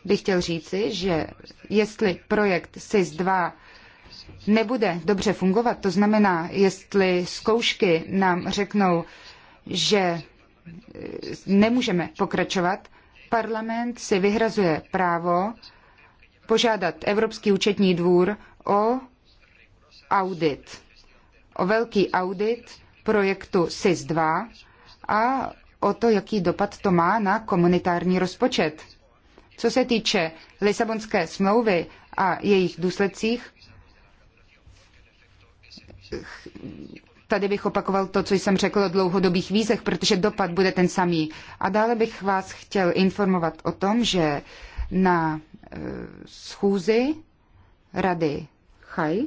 bych chtěl říci, že jestli projekt SIS-2 nebude dobře fungovat, to znamená, jestli zkoušky nám řeknou, že e, nemůžeme pokračovat, parlament si vyhrazuje právo požádat Evropský účetní dvůr o audit, o velký audit projektu SIS-2 a o to, jaký dopad to má na komunitární rozpočet. Co se týče Lisabonské smlouvy a jejich důsledcích, tady bych opakoval to, co jsem řekl o dlouhodobých vízech, protože dopad bude ten samý. A dále bych vás chtěl informovat o tom, že na eh, schůzi Rady Chaj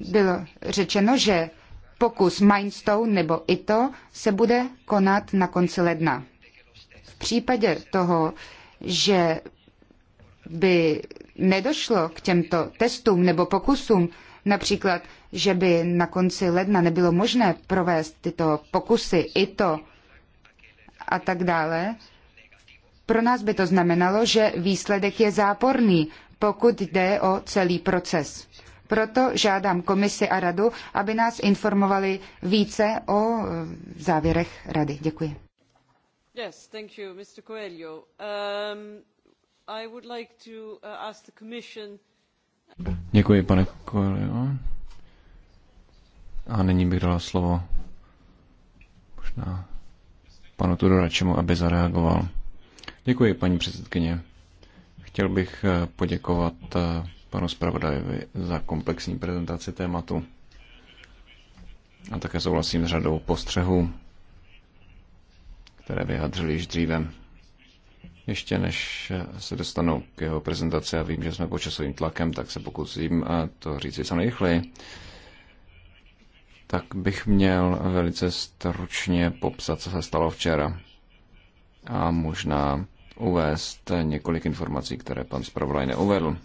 bylo řečeno, že pokus Mindstone nebo ITO se bude konat na konci ledna. V případě toho, že by nedošlo k těmto testům nebo pokusům, například, že by na konci ledna nebylo možné provést tyto pokusy, ITO a tak dále, pro nás by to znamenalo, že výsledek je záporný, pokud jde o celý proces. Proto žádám komisi a radu, aby nás informovali více o e, závěrech rady. Děkuji. Yes, thank you, Mr. Coelho. Um, I would like to uh, ask the commission... Děkuji, pane Coelho. A nyní bych dala slovo možná panu Tudoračemu, aby zareagoval. Děkuji, paní předsedkyně. Chtěl bych e, poděkovat e, panu zpravodajovi za komplexní prezentaci tématu. A také souhlasím s řadou postřehů, které vyjadřili již dříve. Ještě než se dostanu k jeho prezentaci a vím, že jsme pod časovým tlakem, tak se pokusím to říci co nejrychleji, tak bych měl velice stručně popsat, co se stalo včera. A možná uvést několik informací, které pan zpravodaj neuvedl.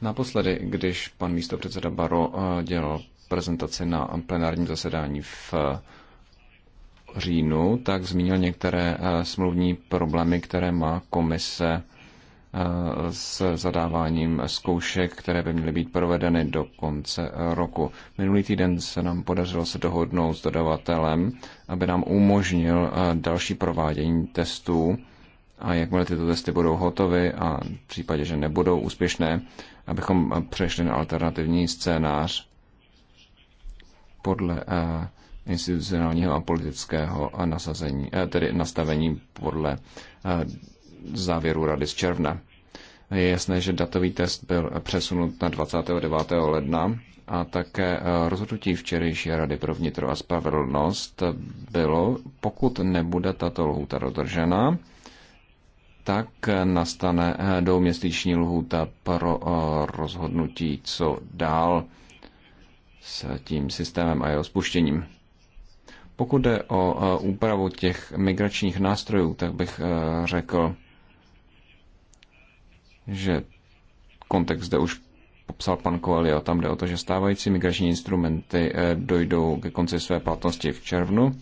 Naposledy, když pan místopředseda Baro eh, dělal prezentaci na plenárním zasedání v eh, říjnu, tak zmínil některé eh, smluvní problémy, které má komise s zadáváním zkoušek, které by měly být provedeny do konce roku. Minulý týden se nám podařilo se dohodnout s dodavatelem, aby nám umožnil další provádění testů a jakmile tyto testy budou hotovy a v případě, že nebudou úspěšné, abychom přešli na alternativní scénář podle eh, institucionálního a politického nasazení, eh, tedy nastavení podle eh, závěru Rady z června. Je jasné, že datový test byl přesunut na 29. ledna a také rozhodnutí včerejší Rady pro vnitro a spravedlnost bylo, pokud nebude tato lhůta dodržena, tak nastane eh, dvouměsíční lhůta pro eh, rozhodnutí, co dál s tím systémem a jeho spuštěním. Pokud jde o eh, úpravu těch migračních nástrojů, tak bych řekl, že kontext zde už popsal pan Koelio. Tam jde o to, že stávající migrační instrumenty dojdou ke konci své platnosti v červnu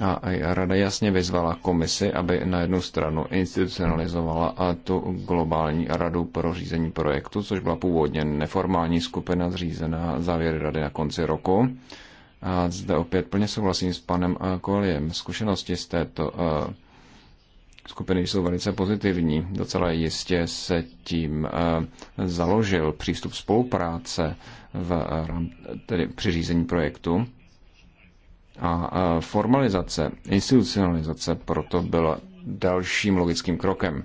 a rada jasně vyzvala komisi, aby na jednu stranu institucionalizovala a tu globální radu pro řízení projektu, což byla původně neformální skupina zřízená závěry rady na konci roku. A zde opět plně souhlasím s panem eh, Koliem. Zkušenosti z této eh, skupiny jsou velice pozitivní. Docela jistě se tím eh, založil přístup spolupráce v, tedy při řízení projektu a formalizace, institucionalizace proto byla dalším logickým krokem.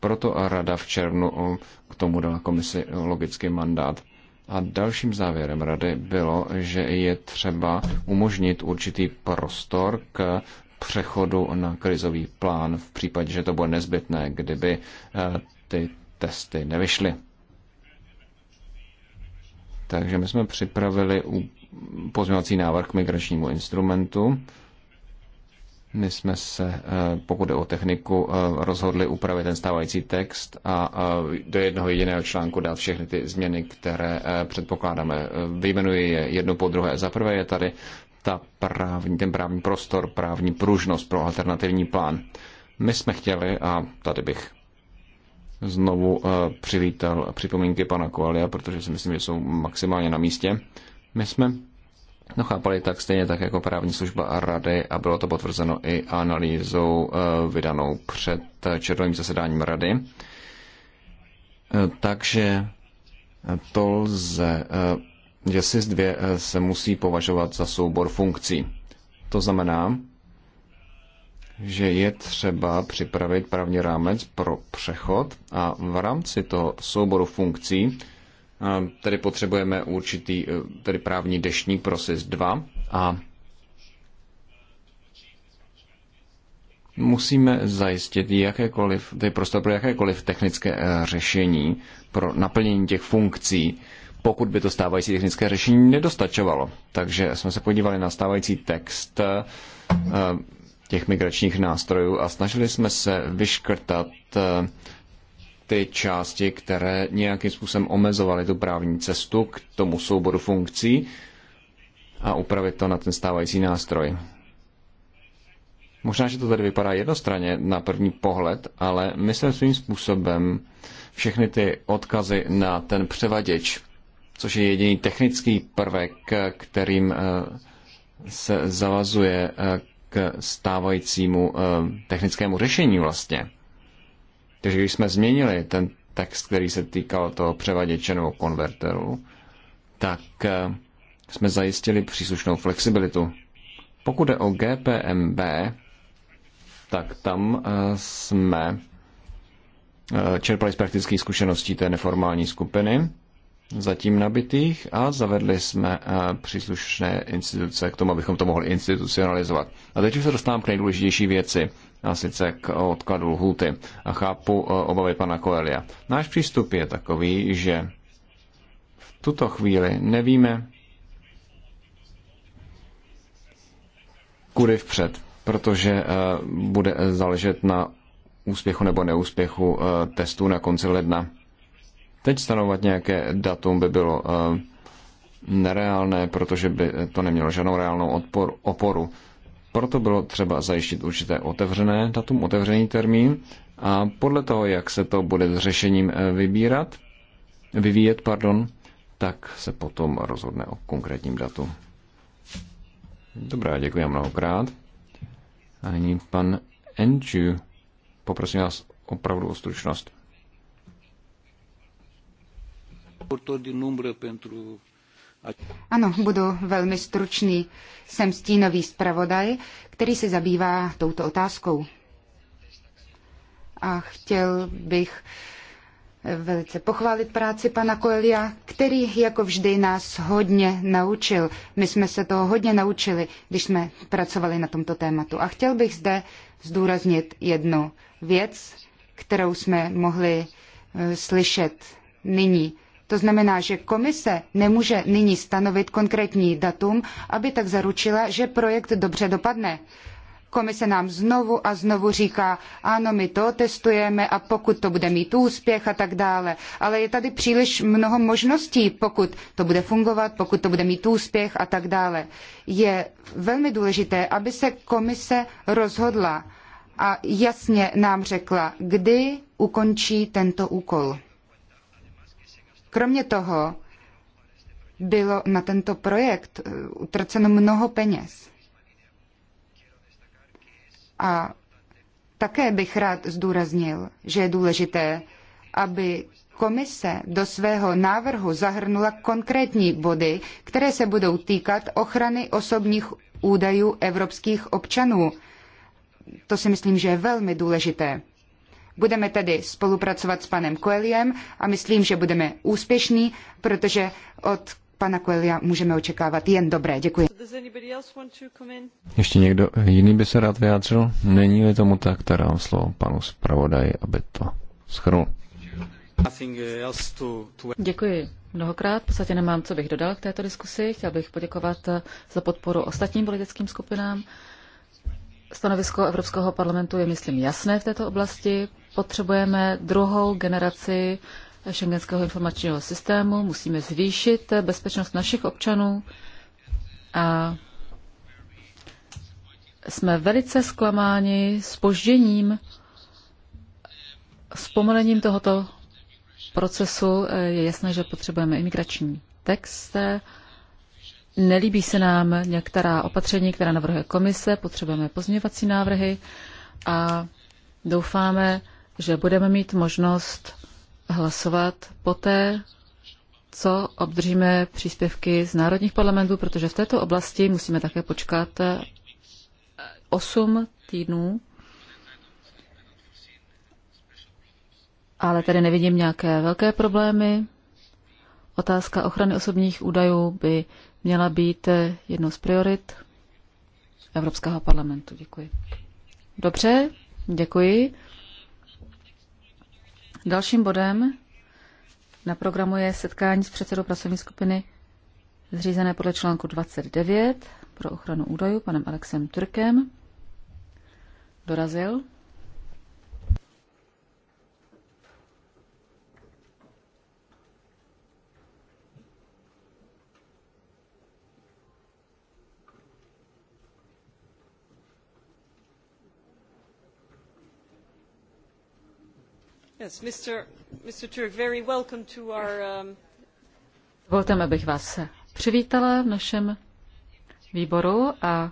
Proto a rada v červnu k tomu dala komisi logický mandát. A dalším závěrem rady bylo, že je třeba umožnit určitý prostor k přechodu na krizový plán v případě, že to bude nezbytné, kdyby eh, ty testy nevyšly. Takže my jsme připravili pozměňovací návrh k migračnímu instrumentu. My jsme se, eh, pokud jde o techniku, eh, rozhodli upravit ten stávající text a eh, do jednoho jediného článku dát všechny ty změny, které předpokládáme. Vyjmenuji je jedno po druhé. Za prvé je tady ta právní, ten právní prostor, právní pružnost pro alternativní plán. My jsme chtěli, a tady bych znovu eh, přivítal připomínky pana Koalia, protože si myslím, že jsou maximálně na místě. My jsme No chápali tak stejně tak jako právní služba a rady a bylo to potvrzeno i analýzou eh, vydanou před červnovým zasedáním rady. Eh, takže to lze, že SIS-2 se musí považovat za soubor funkcí. To znamená, že je třeba připravit právní rámec pro přechod a v rámci toho souboru funkcí tedy potřebujeme určitý e, tedy právní deštník pro SIS 2 a musíme zajistit jakékoliv, tedy prostor pro jakékoliv technické e, řešení pro naplnění těch funkcí, pokud by to stávající technické řešení nedostačovalo. Takže jsme se podívali na stávající text e, těch migračních nástrojů a snažili jsme se vyškrtat eh, ty části, které nějakým způsobem omezovaly tu právní cestu k tomu souboru funkcí a upravit to na ten stávající nástroj. Možná, že to tady vypadá jednostranně na první pohled, ale myslím svým způsobem všechny ty odkazy na ten převaděč, což je jediný technický prvek, eh, kterým eh, se zavazuje k stávajícímu eh, technickému řešení vlastně. Takže když jsme změnili ten text, který se týkal toho převaděče nebo konverteru, tak eh, jsme zajistili příslušnou flexibilitu. Pokud je o GPMB, tak tam eh, jsme čerpali z praktických zkušeností té neformální skupiny zatím nabitých a zavedli jsme eh, příslušné instituce k tomu, abychom to mohli institucionalizovat. A teď už se dostávám k nejdůležitější věci, a sice k odkladu lhůty. A chápu eh, obavy pana Koelia. Náš přístup je takový, že v tuto chvíli nevíme, kudy vpřed, protože eh, bude záležet na úspěchu nebo neúspěchu testů na konci ledna Teď stanovat nějaké datum by bylo eh, nereálné, protože by to nemělo žádnou reálnou odpor, oporu. Proto bylo třeba zajištit určité otevřené datum, otevřený termín a podle toho, jak se to bude s řešením eh, vybírat, vyvíjet, pardon, tak se potom rozhodne o konkrétním datu. Dobrá, děkuji mnohokrát. A nyní pan Enchu. Poprosím vás opravdu o stručnost. Ano, budu velmi stručný. Jsem stínový zpravodaj, který se zabývá touto otázkou. A chtěl bych velice pochválit práci pana Koelia, který jako vždy nás hodně naučil. My jsme se toho hodně naučili, když jsme pracovali na tomto tématu. A chtěl bych zde zdůraznit jednu věc, kterou jsme mohli eh, slyšet nyní. To znamená, že komise nemůže nyní stanovit konkrétní datum, aby tak zaručila, že projekt dobře dopadne. Komise nám znovu a znovu říká, ano, my to testujeme a pokud to bude mít úspěch a tak dále. Ale je tady příliš mnoho možností, pokud to bude fungovat, pokud to bude mít úspěch a tak dále. Je velmi důležité, aby se komise rozhodla a jasně nám řekla, kdy ukončí tento úkol. Kromě toho bylo na tento projekt eh, utraceno mnoho peněz. A také bych rád zdůraznil, že je důležité, aby komise do svého návrhu zahrnula konkrétní body, které se budou týkat ochrany osobních údajů evropských občanů. To si myslím, že je velmi důležité. Budeme tedy spolupracovat s panem Coeliem a myslím, že budeme úspěšní, protože od pana Coelia můžeme očekávat jen dobré. Děkuji. Ještě někdo jiný by se rád vyjádřil? Není-li tomu tak, tak dám slovo panu zpravodaji, aby to schrnul. Děkuji mnohokrát. V podstatě nemám, co bych dodal k této diskusi. Chtěl bych poděkovat za podporu ostatním politickým skupinám. Stanovisko Evropského parlamentu je, myslím, jasné v této oblasti. Potřebujeme druhou generaci šengenského informačního systému, musíme zvýšit bezpečnost našich občanů a jsme velice zklamáni spožděním, zpomalením tohoto procesu. Je jasné, že potřebujeme imigrační text, Nelíbí se nám některá opatření, která navrhuje komise, potřebujeme pozměňovací návrhy a doufáme, že budeme mít možnost hlasovat poté, co obdržíme příspěvky z národních parlamentů, protože v této oblasti musíme také počkat 8 eh, týdnů, ale tady nevidím nějaké velké problémy. Otázka ochrany osobních údajů by měla být eh, jednou z priorit Evropského parlamentu. Děkuji. Dobře, děkuji. Dalším bodem na programu je setkání s předsedou pracovní skupiny zřízené podle článku 29 pro ochranu údajů panem Alexem Turkem. Dorazil. Um, Dovolte mi, abych vás přivítala v našem výboru a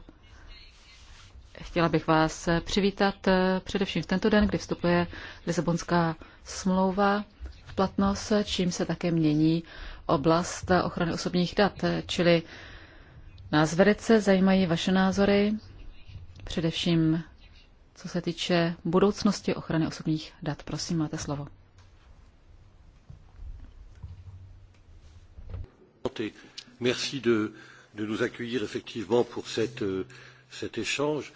chtěla bych vás přivítat eh, především v tento den, kdy vstupuje Lisabonská smlouva v platnost, čím se také mění oblast ochrany osobních dat. Čili nás velice zajímají vaše názory, především co se týče budoucnosti ochrany osobních dat. Prosím, máte slovo. Merci de, de nous accueillir effectivement pour cette, cet échange.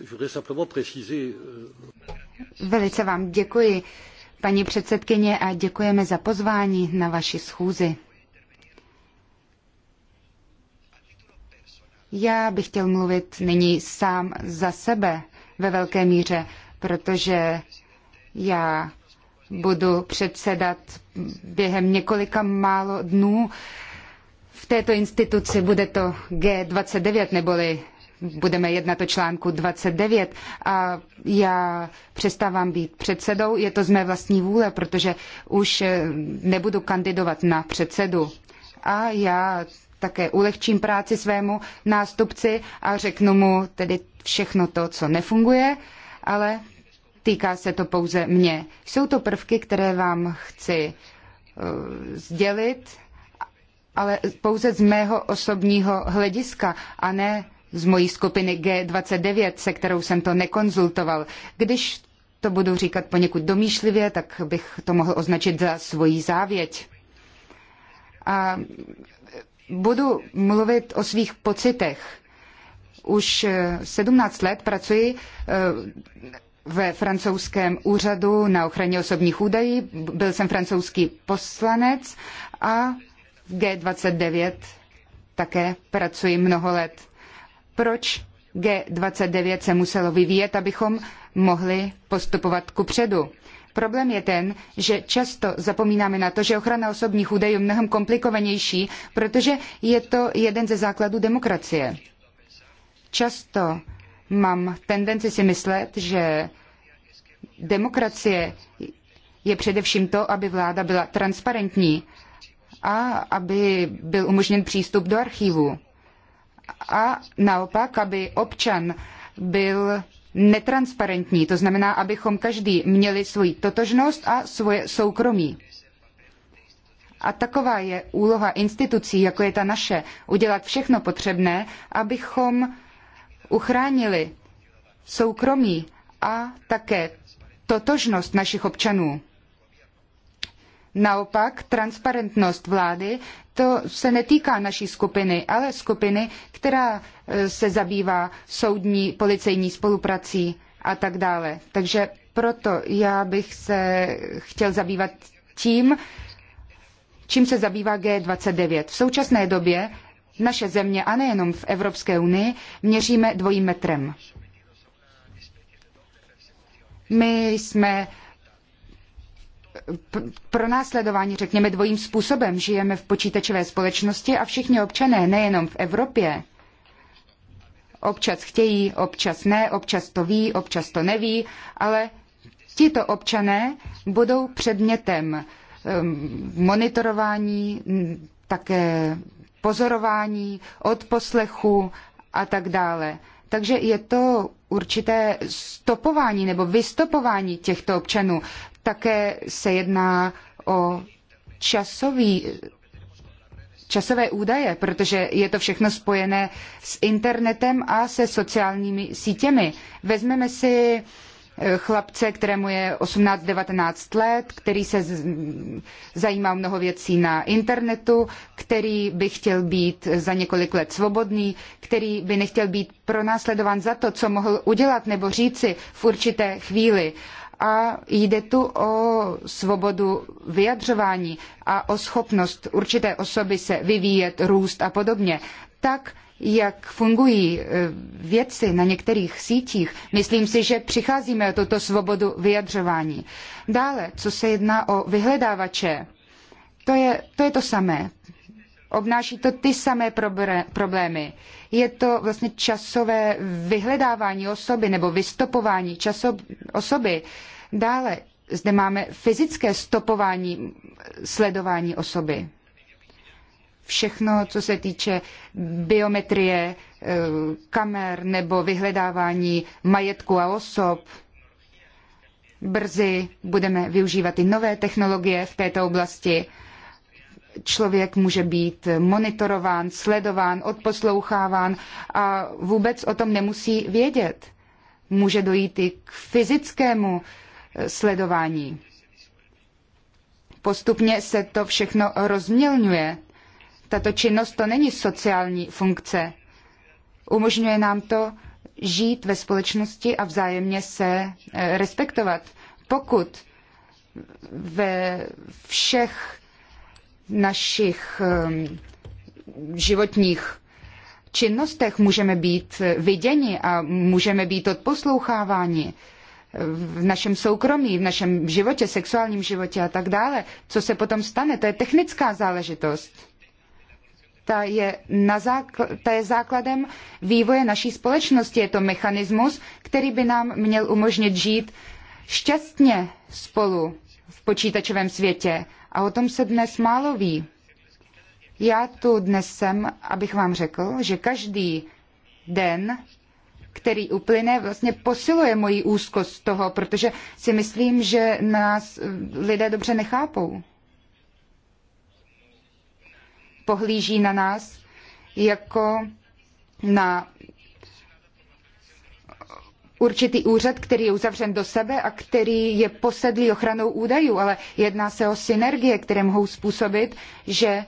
Je voudrais simplement préciser... Euh, Velice vám děkuji, paní předsedkyně, a děkujeme za pozvání na vaši schůzi. Já bych chtěl mluvit nyní sám za sebe ve velké míře, protože já budu předsedat během několika málo dnů. V této instituci bude to G29, neboli budeme jednat o článku 29 a já přestávám být předsedou. Je to z mé vlastní vůle, protože už nebudu kandidovat na předsedu. A já také ulehčím práci svému nástupci a řeknu mu tedy všechno to, co nefunguje, ale týká se to pouze mě. Jsou to prvky, které vám chci uh, sdělit, ale pouze z mého osobního hlediska a ne z mojí skupiny G29, se kterou jsem to nekonzultoval. Když to budu říkat poněkud domýšlivě, tak bych to mohl označit za svoji závěť. A budu mluvit o svých pocitech. Už 17 eh, let pracuji eh, ve francouzském úřadu na ochraně osobních údajů. Byl jsem francouzský poslanec a v G29 také pracuji mnoho let. Proč G29 se muselo vyvíjet, abychom mohli postupovat kupředu? Problém je ten, že často zapomínáme na to, že ochrana osobních údajů je mnohem komplikovanější, protože je to jeden ze základů demokracie. Často mám tendenci si myslet, že demokracie je především to, aby vláda byla transparentní a aby byl umožněn přístup do archívu. A naopak, aby občan byl netransparentní. To znamená, abychom každý měli svoji totožnost a svoje soukromí. A taková je úloha institucí, jako je ta naše, udělat všechno potřebné, abychom uchránili soukromí a také totožnost našich občanů. Naopak, transparentnost vlády, to se netýká naší skupiny, ale skupiny, která e, se zabývá soudní, policejní spoluprací a tak dále. Takže proto já bych se chtěl zabývat tím, čím se zabývá G29. V současné době naše země, a nejenom v Evropské unii, měříme dvojím metrem. My jsme pronásledováni, řekněme, dvojím způsobem. Žijeme v počítačové společnosti a všichni občané, nejenom v Evropě, občas chtějí, občas ne, občas to ví, občas to neví, ale tito občané budou předmětem um, monitorování, také pozorování, odposlechu a tak dále. Takže je to určité stopování nebo vystopování těchto občanů. Také se jedná o časový časové údaje, protože je to všechno spojené s internetem a se sociálními sítěmi. Vezmeme si eh, chlapce, kterému je 18-19 let, který se zajímá mnoho věcí na internetu, který by chtěl být za několik let svobodný, který by nechtěl být pronásledován za to, co mohl udělat nebo říci v určité chvíli a jde tu o svobodu vyjadřování a o schopnost určité osoby se vyvíjet, růst a podobně. Tak, jak fungují e, věci na některých sítích, myslím si, že přicházíme o tuto svobodu vyjadřování. Dále, co se jedná o vyhledávače, to je to, je to samé obnáší to ty samé problémy. Je to vlastně časové vyhledávání osoby nebo vystopování časo, osoby. Dále zde máme fyzické stopování, sledování osoby. Všechno, co se týče biometrie, e, kamer nebo vyhledávání majetku a osob. Brzy budeme využívat i nové technologie v této oblasti člověk může být monitorován, sledován, odposloucháván a vůbec o tom nemusí vědět. Může dojít i k fyzickému eh, sledování. Postupně se to všechno rozmělňuje. Tato činnost to není sociální funkce. Umožňuje nám to žít ve společnosti a vzájemně se eh, respektovat. Pokud ve všech našich ehm, životních činnostech můžeme být viděni a můžeme být odposloucháváni v našem soukromí, v našem životě, sexuálním životě a tak dále. Co se potom stane? To je technická záležitost. Ta je, na zákl- ta je základem vývoje naší společnosti. Je to mechanismus, který by nám měl umožnit žít šťastně spolu v počítačovém světě a o tom se dnes málo ví. Já tu dnes jsem, abych vám řekl, že každý den, který uplyne, vlastně posiluje moji úzkost toho, protože si myslím, že nás eh, lidé dobře nechápou. Pohlíží na nás jako na určitý úřad, který je uzavřen do sebe a který je posedlý ochranou údajů, ale jedná se o synergie, které mohou způsobit, že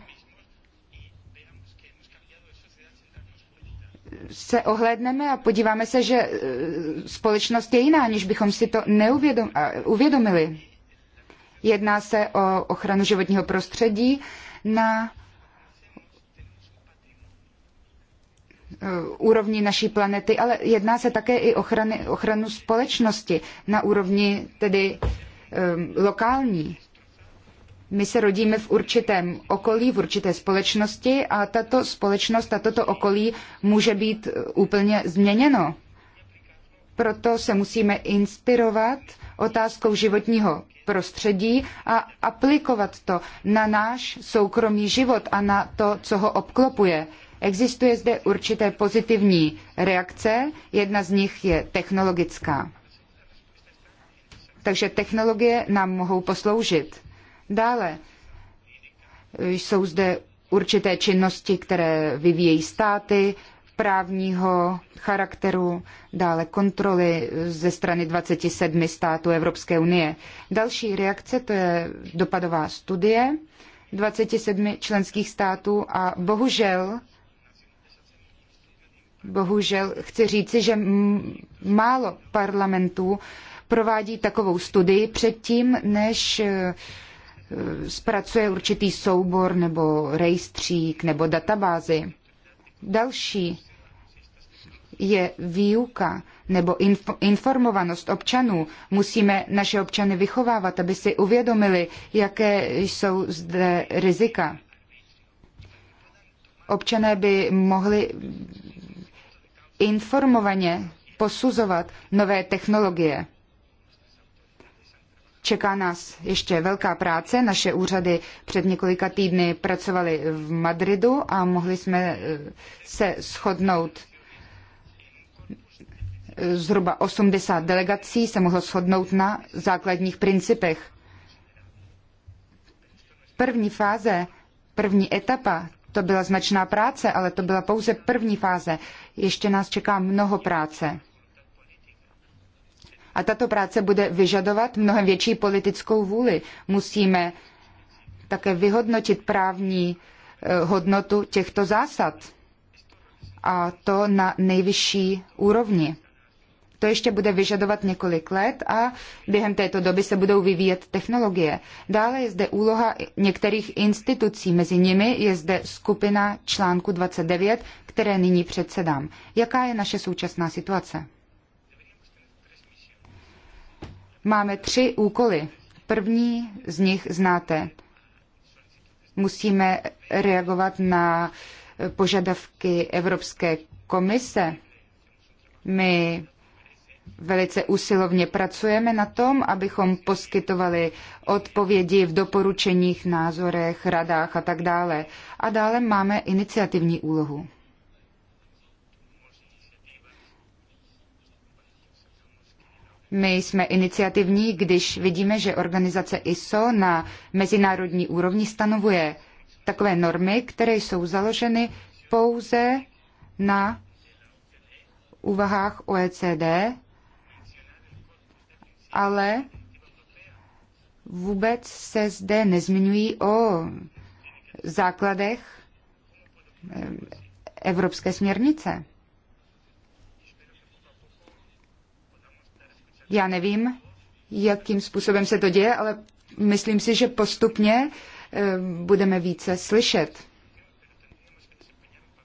se ohlédneme a podíváme se, že e, společnost je jiná, aniž bychom si to neuvědomili. Jedná se o ochranu životního prostředí na Eh, úrovni naší planety, ale jedná se také i ochrany, ochranu společnosti na úrovni tedy um, lokální. My se rodíme v určitém okolí, v určité společnosti a tato společnost a toto okolí může být eh, úplně změněno. Proto se musíme inspirovat otázkou životního prostředí a aplikovat to na náš soukromý život a na to, co ho obklopuje Existuje zde určité pozitivní reakce, jedna z nich je technologická. Takže technologie nám mohou posloužit. Dále jsou zde určité činnosti, které vyvíjejí státy právního charakteru, dále kontroly ze strany 27 států Evropské unie. Další reakce to je dopadová studie 27 členských států a bohužel bohužel chci říci, že málo parlamentů provádí takovou studii předtím, než e, zpracuje určitý soubor nebo rejstřík nebo databázi. Další je výuka nebo informovanost občanů. Musíme naše občany vychovávat, aby si uvědomili, jaké jsou zde rizika. Občané by mohli informovaně posuzovat nové technologie. Čeká nás ještě velká práce. Naše úřady před několika týdny pracovaly v Madridu a mohli jsme eh, se shodnout zhruba 80 delegací se mohlo shodnout na základních principech. První fáze, první etapa, to byla značná práce, ale to byla pouze první fáze ještě nás čeká mnoho práce. A tato práce bude vyžadovat mnohem větší politickou vůli. Musíme také vyhodnotit právní eh, hodnotu těchto zásad. A to na nejvyšší úrovni. To ještě bude vyžadovat několik let a během této doby se budou vyvíjet technologie. Dále je zde úloha některých institucí, mezi nimi je zde skupina článku 29, které nyní předsedám. Jaká je naše současná situace? Máme tři úkoly. První z nich znáte. Musíme reagovat na požadavky Evropské komise. My Velice usilovně pracujeme na tom, abychom poskytovali odpovědi v doporučeních, názorech, radách a tak dále. A dále máme iniciativní úlohu. My jsme iniciativní, když vidíme, že organizace ISO na mezinárodní úrovni stanovuje takové normy, které jsou založeny pouze na úvahách OECD ale vůbec se zde nezmiňují o základech eh, evropské směrnice. Já nevím, jakým způsobem se to děje, ale myslím si, že postupně eh, budeme více slyšet.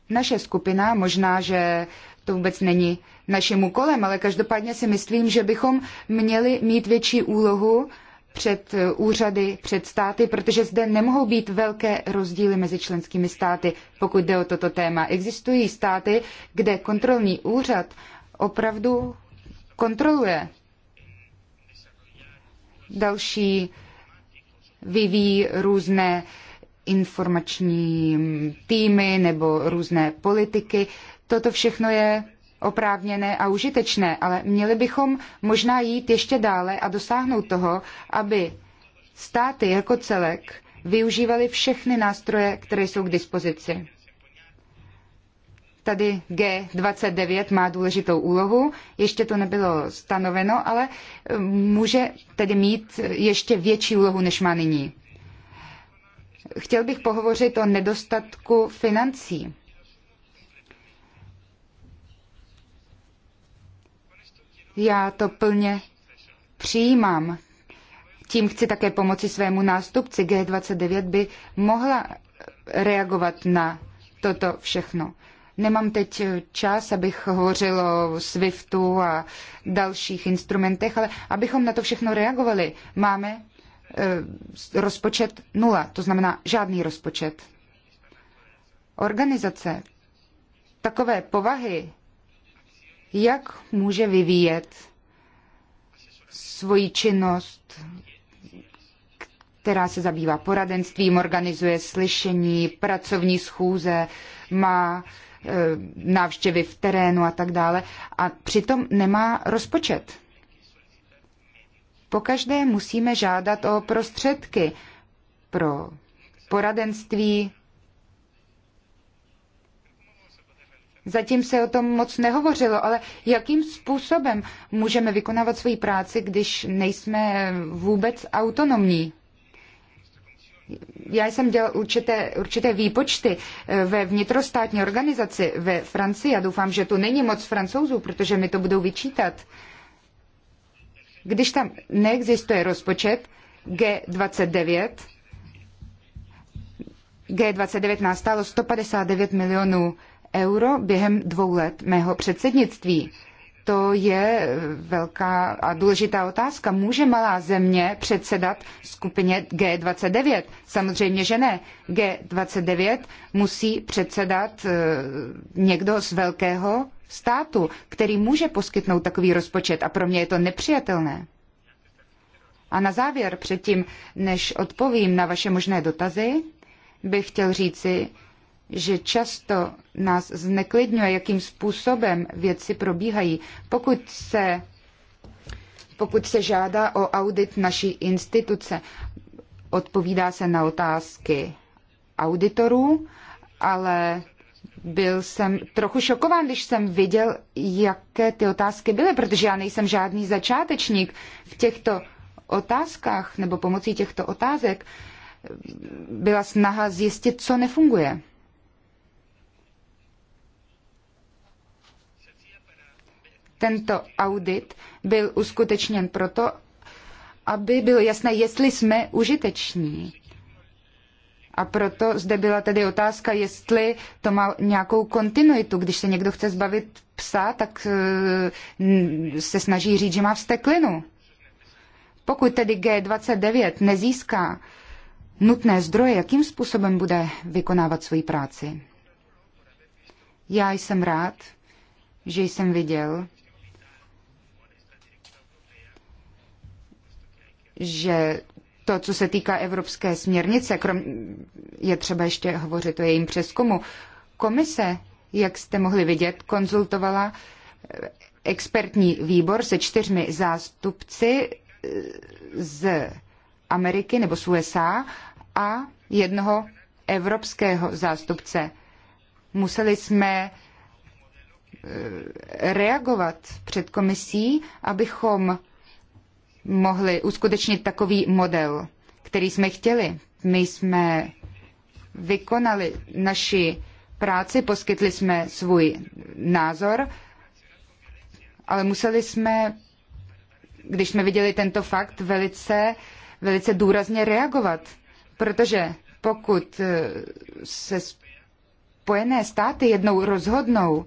Naše skupina možná, že to vůbec není naším úkolem, ale každopádně si myslím, že bychom měli mít větší úlohu před eh, úřady, před státy, protože zde nemohou být velké rozdíly mezi členskými státy, pokud jde o toto téma. Existují státy, kde kontrolní úřad opravdu kontroluje další vyvíjí různé informační týmy nebo různé politiky Toto všechno je oprávněné a užitečné, ale měli bychom možná jít ještě dále a dosáhnout toho, aby státy jako celek využívaly všechny nástroje, které jsou k dispozici. Tady G29 má důležitou úlohu, ještě to nebylo stanoveno, ale eh, může tedy mít ještě větší úlohu, než má nyní. Chtěl bych pohovořit o nedostatku financí. Já to plně přijímám. Tím chci také pomoci svému nástupci. G29 by mohla reagovat na toto všechno. Nemám teď čas, abych hovořil o SWIFTu a dalších instrumentech, ale abychom na to všechno reagovali, máme e, rozpočet nula, to znamená žádný rozpočet. Organizace takové povahy, jak může vyvíjet svoji činnost, která se zabývá poradenstvím, organizuje slyšení, pracovní schůze, má e, návštěvy v terénu a tak dále a přitom nemá rozpočet. Pokaždé musíme žádat o prostředky pro poradenství, Zatím se o tom moc nehovořilo, ale jakým způsobem můžeme vykonávat svoji práci, když nejsme vůbec autonomní? Já jsem dělal určité, určité výpočty eh, ve vnitrostátní organizaci ve Francii. Já doufám, že tu není moc francouzů, protože mi to budou vyčítat. Když tam neexistuje rozpočet G29, G29 nastalo 159 milionů euro během dvou let mého předsednictví. To je velká a důležitá otázka. Může malá země předsedat skupině G29? Samozřejmě, že ne. G29 musí předsedat eh, někdo z velkého státu, který může poskytnout takový rozpočet a pro mě je to nepřijatelné. A na závěr, předtím, než odpovím na vaše možné dotazy, bych chtěl říci, že často nás zneklidňuje, jakým způsobem věci probíhají. Pokud se, pokud se žádá o audit naší instituce, odpovídá se na otázky auditorů, ale byl jsem trochu šokován, když jsem viděl, jaké ty otázky byly, protože já nejsem žádný začátečník v těchto otázkách nebo pomocí těchto otázek byla snaha zjistit, co nefunguje. Tento audit byl uskutečněn proto, aby bylo jasné, jestli jsme užiteční. A proto zde byla tedy otázka, jestli to má nějakou kontinuitu. Když se někdo chce zbavit psa, tak e, se snaží říct, že má vsteklinu. Pokud tedy G29 nezíská nutné zdroje, jakým způsobem bude vykonávat svoji práci? Já jsem rád, že jsem viděl, že to, co se týká evropské směrnice, krom, je třeba ještě hovořit o jejím přeskumu. Komise, jak jste mohli vidět, konzultovala eh, expertní výbor se čtyřmi zástupci eh, z Ameriky nebo z USA a jednoho evropského zástupce. Museli jsme eh, reagovat před komisí, abychom mohli uskutečnit takový model, který jsme chtěli. My jsme vykonali naši práci, poskytli jsme svůj názor, ale museli jsme, když jsme viděli tento fakt, velice, velice důrazně reagovat, protože pokud eh, se Spojené státy jednou rozhodnou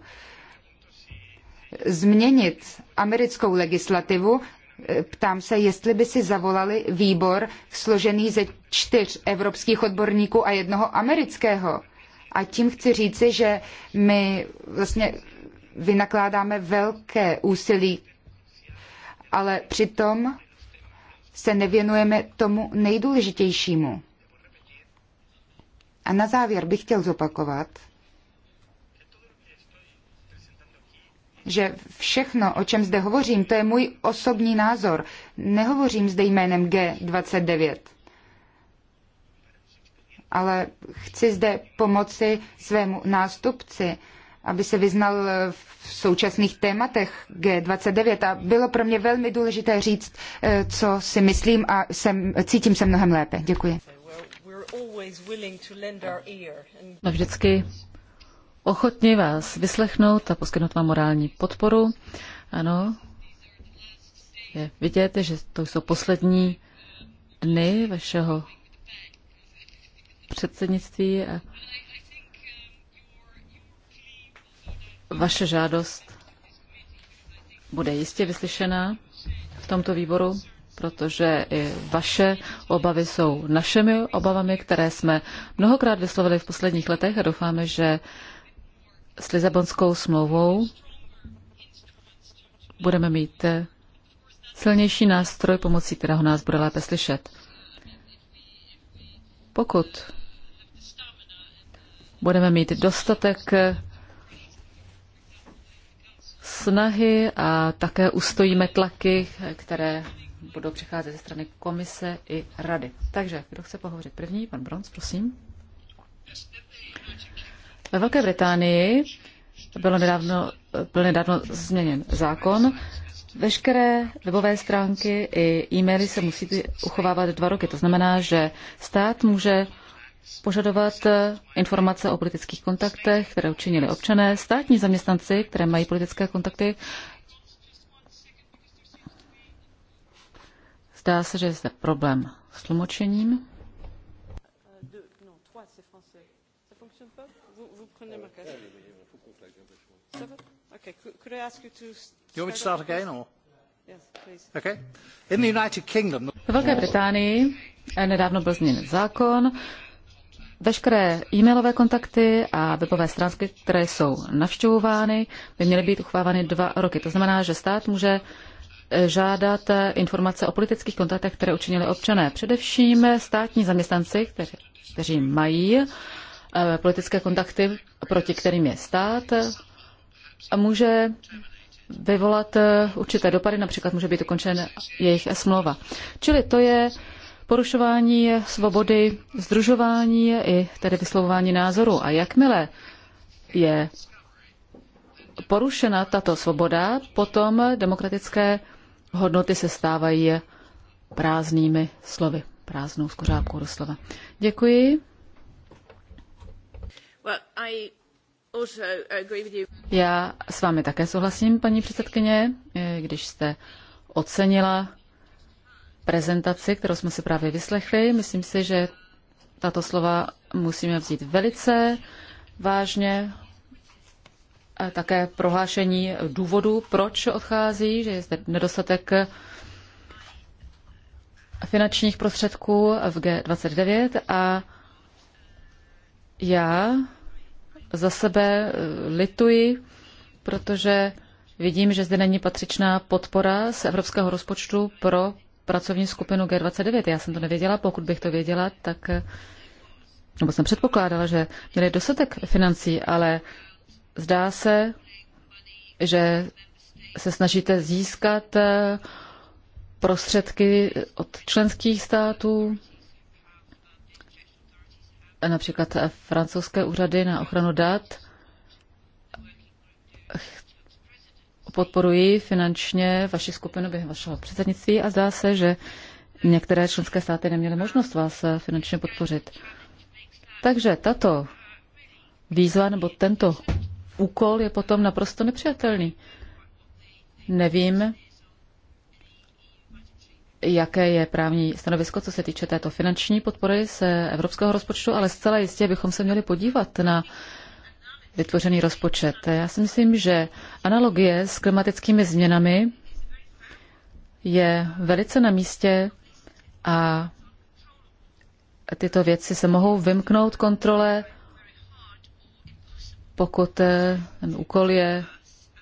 změnit americkou legislativu, ptám se, jestli by si zavolali výbor složený ze čtyř evropských odborníků a jednoho amerického. A tím chci říci, že my vlastně vynakládáme velké úsilí, ale přitom se nevěnujeme tomu nejdůležitějšímu. A na závěr bych chtěl zopakovat, že všechno, o čem zde hovořím, to je můj osobní názor. Nehovořím zde jménem G29. Ale chci zde pomoci svému nástupci, aby se vyznal v současných tématech G29 a bylo pro mě velmi důležité říct, eh, co si myslím a jsem, cítím se mnohem lépe. Děkuji. No, vždycky ochotni vás vyslechnout a poskytnout vám morální podporu. Ano, je vidět, že to jsou poslední dny vašeho předsednictví a vaše žádost bude jistě vyslyšená v tomto výboru, protože i vaše obavy jsou našimi obavami, které jsme mnohokrát vyslovili v posledních letech a doufáme, že s Lizabonskou smlouvou budeme mít eh, silnější nástroj, pomocí kterého nás bude lépe slyšet. Pokud budeme mít dostatek eh, snahy a také ustojíme tlaky, eh, které budou přicházet ze strany komise i rady. Takže, kdo chce pohovořit první? Pan Bronz, prosím. Ve Velké Británii bylo nedávno, byl nedávno změněn zákon. Veškeré webové stránky i e-maily se musí uchovávat dva roky. To znamená, že stát může požadovat informace o politických kontaktech, které učinili občané, státní zaměstnanci, které mají politické kontakty. Zdá se, že je zde problém s tlumočením. Ve Velké Británii eh, nedávno byl změněn zákon, Veškeré e-mailové kontakty a webové stránky, které jsou navštěvovány, by měly být uchovávány dva roky. To znamená, že stát může eh, žádat eh, informace o politických kontaktech, které učinili občané. Především státní zaměstnanci, kteří, kteří mají Eh, politické kontakty, proti kterým je stát, může vyvolat eh, určité dopady, například může být ukončen jejich smlouva. Čili to je porušování svobody združování i tedy vyslovování názoru. A jakmile je porušena tato svoboda, potom demokratické hodnoty se stávají prázdnými slovy, prázdnou skořápkou doslova. Děkuji. Já s vámi také souhlasím, paní předsedkyně, když jste ocenila prezentaci, kterou jsme si právě vyslechli. Myslím si, že tato slova musíme vzít velice vážně. A také prohlášení důvodu, proč odchází, že je zde nedostatek finančních prostředků v G29 a já za sebe e, lituji, protože vidím, že zde není patřičná podpora z evropského rozpočtu pro pracovní skupinu G29. Já jsem to nevěděla, pokud bych to věděla, tak e, nebo jsem předpokládala, že měli dostatek financí, ale zdá se, že se snažíte získat e, prostředky od členských států, například francouzské úřady na ochranu dat podporují finančně vaši skupinu během vašeho předsednictví a zdá se, že některé členské státy neměly možnost vás finančně podpořit. Takže tato výzva nebo tento úkol je potom naprosto nepřijatelný. Nevím, jaké je právní stanovisko, co se týče této finanční podpory z evropského rozpočtu, ale zcela jistě bychom se měli podívat na vytvořený rozpočet. Já si myslím, že analogie s klimatickými změnami je velice na místě a tyto věci se mohou vymknout kontrole, pokud ten úkol je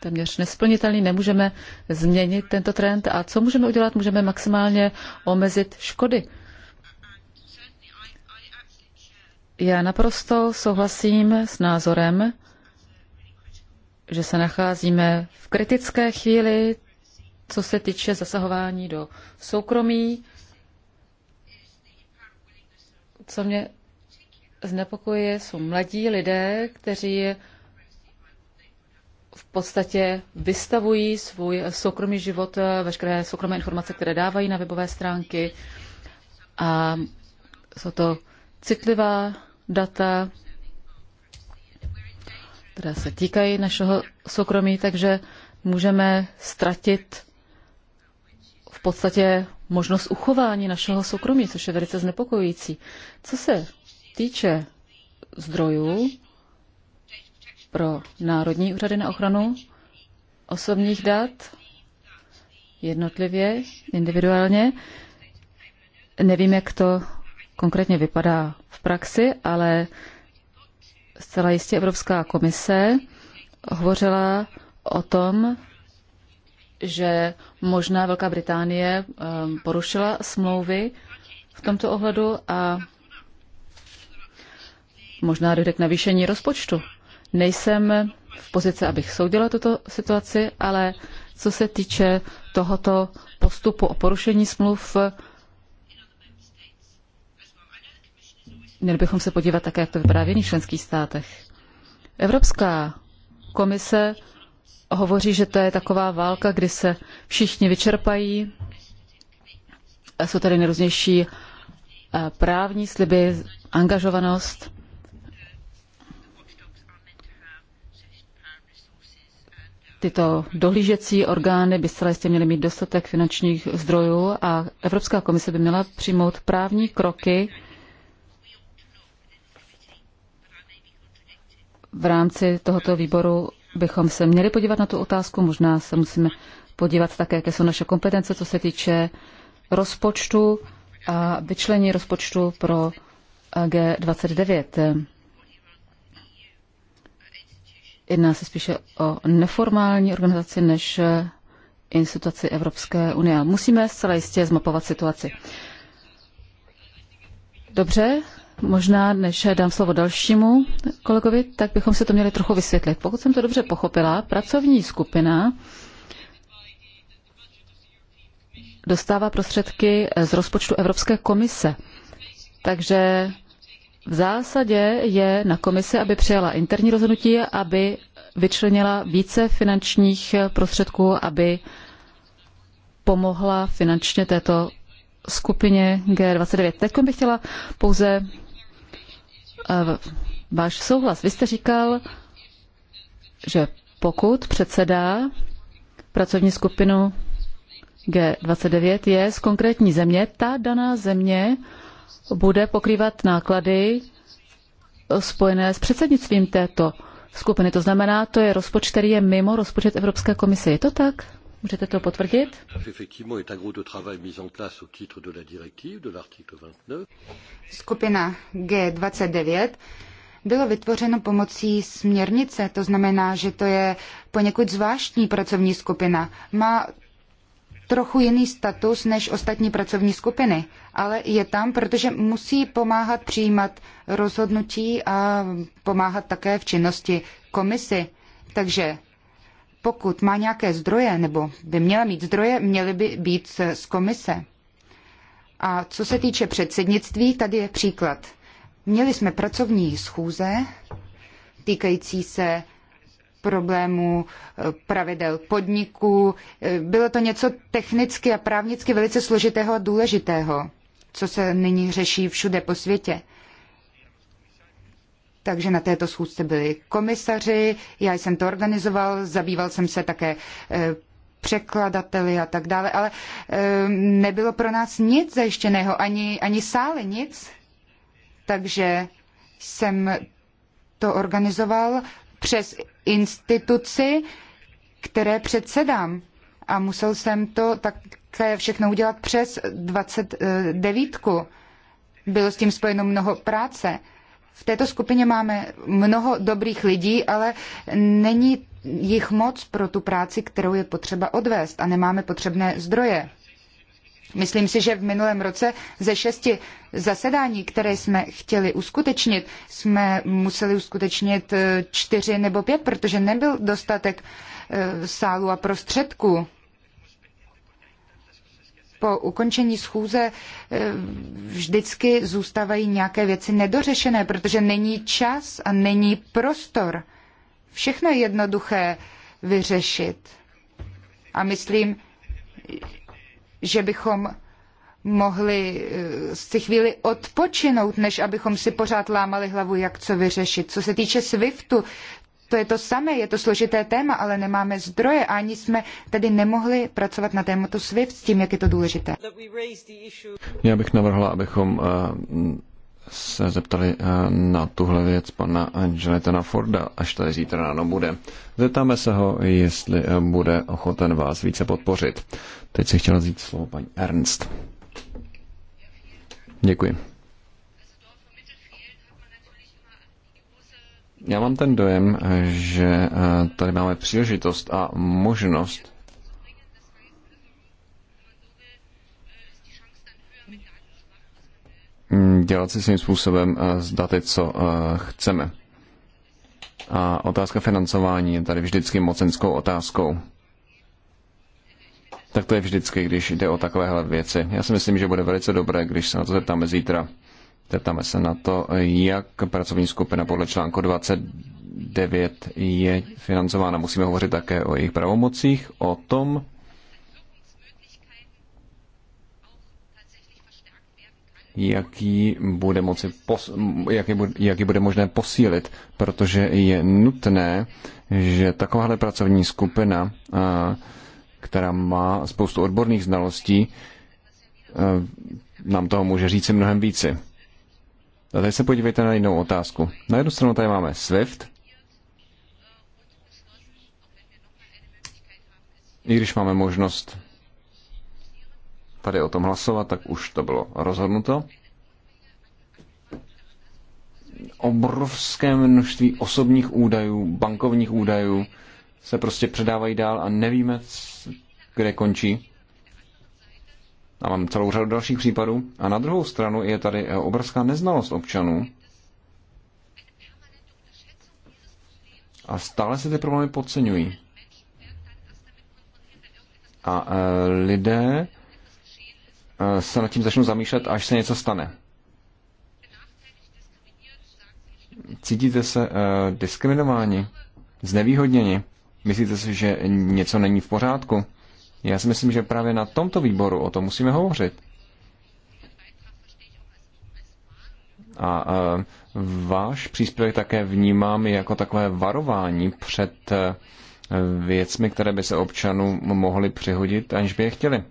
téměř nesplnitelný, nemůžeme změnit tento trend. A co můžeme udělat? Můžeme maximálně omezit škody. Já naprosto souhlasím s názorem, že se nacházíme v kritické chvíli, co se týče zasahování do soukromí. Co mě znepokojuje, jsou mladí lidé, kteří v podstatě vystavují svůj soukromý život, eh, veškeré soukromé informace, které dávají na webové stránky. A jsou to citlivá data, která se týkají našeho soukromí, takže můžeme ztratit v podstatě možnost uchování našeho soukromí, což je velice znepokojující. Co se týče zdrojů, pro Národní úřady na ochranu osobních dat jednotlivě, individuálně. Nevím, jak to konkrétně vypadá v praxi, ale zcela jistě Evropská komise hovořila o tom, že možná Velká Británie eh, porušila smlouvy v tomto ohledu a možná dojde k navýšení rozpočtu. Nejsem v pozici, abych soudila tuto situaci, ale co se týče tohoto postupu o porušení smluv, měli bychom se podívat také, jak to vypadá v jiných členských státech. Evropská komise hovoří, že to je taková válka, kdy se všichni vyčerpají. Jsou tady nejrůznější eh, právní sliby, angažovanost. Tyto dohlížecí orgány by zcela jistě měly mít dostatek finančních zdrojů a Evropská komise by měla přijmout právní kroky v rámci tohoto výboru bychom se měli podívat na tu otázku. Možná se musíme podívat také, jaké jsou naše kompetence, co se týče rozpočtu a vyčlení rozpočtu pro G29. Jedná se spíše o neformální organizaci než instituci Evropské unie. Musíme zcela jistě zmapovat situaci. Dobře, možná než dám slovo dalšímu kolegovi, tak bychom si to měli trochu vysvětlit. Pokud jsem to dobře pochopila, pracovní skupina dostává prostředky z rozpočtu Evropské komise. Takže v zásadě je na komise, aby přijala interní rozhodnutí, aby vyčlenila více finančních prostředků, aby pomohla finančně této skupině G29. Teď bych chtěla pouze eh, váš souhlas. Vy jste říkal, že pokud předsedá pracovní skupinu G29 je z konkrétní země, ta daná země bude pokrývat náklady spojené s předsednictvím této skupiny. To znamená, to je rozpočet, který je mimo rozpočet Evropské komise. Je to tak? Můžete to potvrdit? Skupina G29 bylo vytvořeno pomocí směrnice, to znamená, že to je poněkud zvláštní pracovní skupina. Má trochu jiný status než ostatní pracovní skupiny, ale je tam, protože musí pomáhat přijímat rozhodnutí a pomáhat také v činnosti komisy. Takže pokud má nějaké zdroje, nebo by měla mít zdroje, měly by být z komise. A co se týče předsednictví, tady je příklad. Měli jsme pracovní schůze týkající se problémů eh, pravidel podniků. Eh, bylo to něco technicky a právnicky velice složitého a důležitého, co se nyní řeší všude po světě. Takže na této schůzce byli komisaři, já jsem to organizoval, zabýval jsem se také eh, překladateli a tak dále, ale nebylo pro nás nic zajištěného, ani, ani sály, nic. Takže jsem to organizoval přes instituci, které předsedám. A musel jsem to také všechno udělat přes 29. Bylo s tím spojeno mnoho práce. V této skupině máme mnoho dobrých lidí, ale není jich moc pro tu práci, kterou je potřeba odvést a nemáme potřebné zdroje. Myslím si, že v minulém roce ze šesti zasedání, které jsme chtěli uskutečnit, jsme museli uskutečnit eh, čtyři nebo pět, protože nebyl dostatek eh, sálu a prostředků. Po ukončení schůze eh, vždycky zůstávají nějaké věci nedořešené, protože není čas a není prostor. Všechno je jednoduché vyřešit. A myslím, že bychom mohli eh, si chvíli odpočinout, než abychom si pořád lámali hlavu, jak co vyřešit. Co se týče SWIFTu, to je to samé, je to složité téma, ale nemáme zdroje a ani jsme tedy nemohli pracovat na tématu SWIFT s tím, jak je to důležité. Já bych navrhla, abychom eh, se zeptali eh, na tuhle věc pana Angelitana Forda, až tady zítra ráno bude. Zeptáme se ho, jestli eh, bude ochoten vás více podpořit. Teď si chtěla vzít slovo paní Ernst. Děkuji. Já mám ten dojem, eh, že tady máme příležitost a možnost Mm, dělat si svým způsobem eh, z daty, co eh, chceme. A otázka financování je tady vždycky mocenskou otázkou. Tak to je vždycky, když jde o takovéhle věci. Já si myslím, že bude velice dobré, když se na to zeptáme zítra. Zeptáme se na to, jak pracovní skupina podle článku 29 je financována. Musíme hovořit také o jejich pravomocích, o tom, jaký bude, moci pos, jaký, bude, jaký bude možné posílit, protože je nutné, že takováhle pracovní skupina, která má spoustu odborných znalostí, nám toho může říct mnohem více. A teď se podívejte na jinou otázku. Na jednu stranu tady máme SWIFT, i když máme možnost tady o tom hlasovat, tak už to bylo rozhodnuto. Obrovské množství osobních údajů, bankovních údajů se prostě předávají dál a nevíme, kde končí. A mám celou řadu dalších případů. A na druhou stranu je tady obrovská neznalost občanů. A stále se ty problémy podceňují. A e, lidé Eh, se nad tím začnu zamýšlet, až se něco stane. Cítíte se eh, diskriminováni, znevýhodněni? Myslíte si, že něco není v pořádku? Já si myslím, že právě na tomto výboru o tom musíme hovořit. A eh, váš příspěvek také vnímám jako takové varování před věcmi, které by se občanům mohly přihodit, aniž by je chtěli.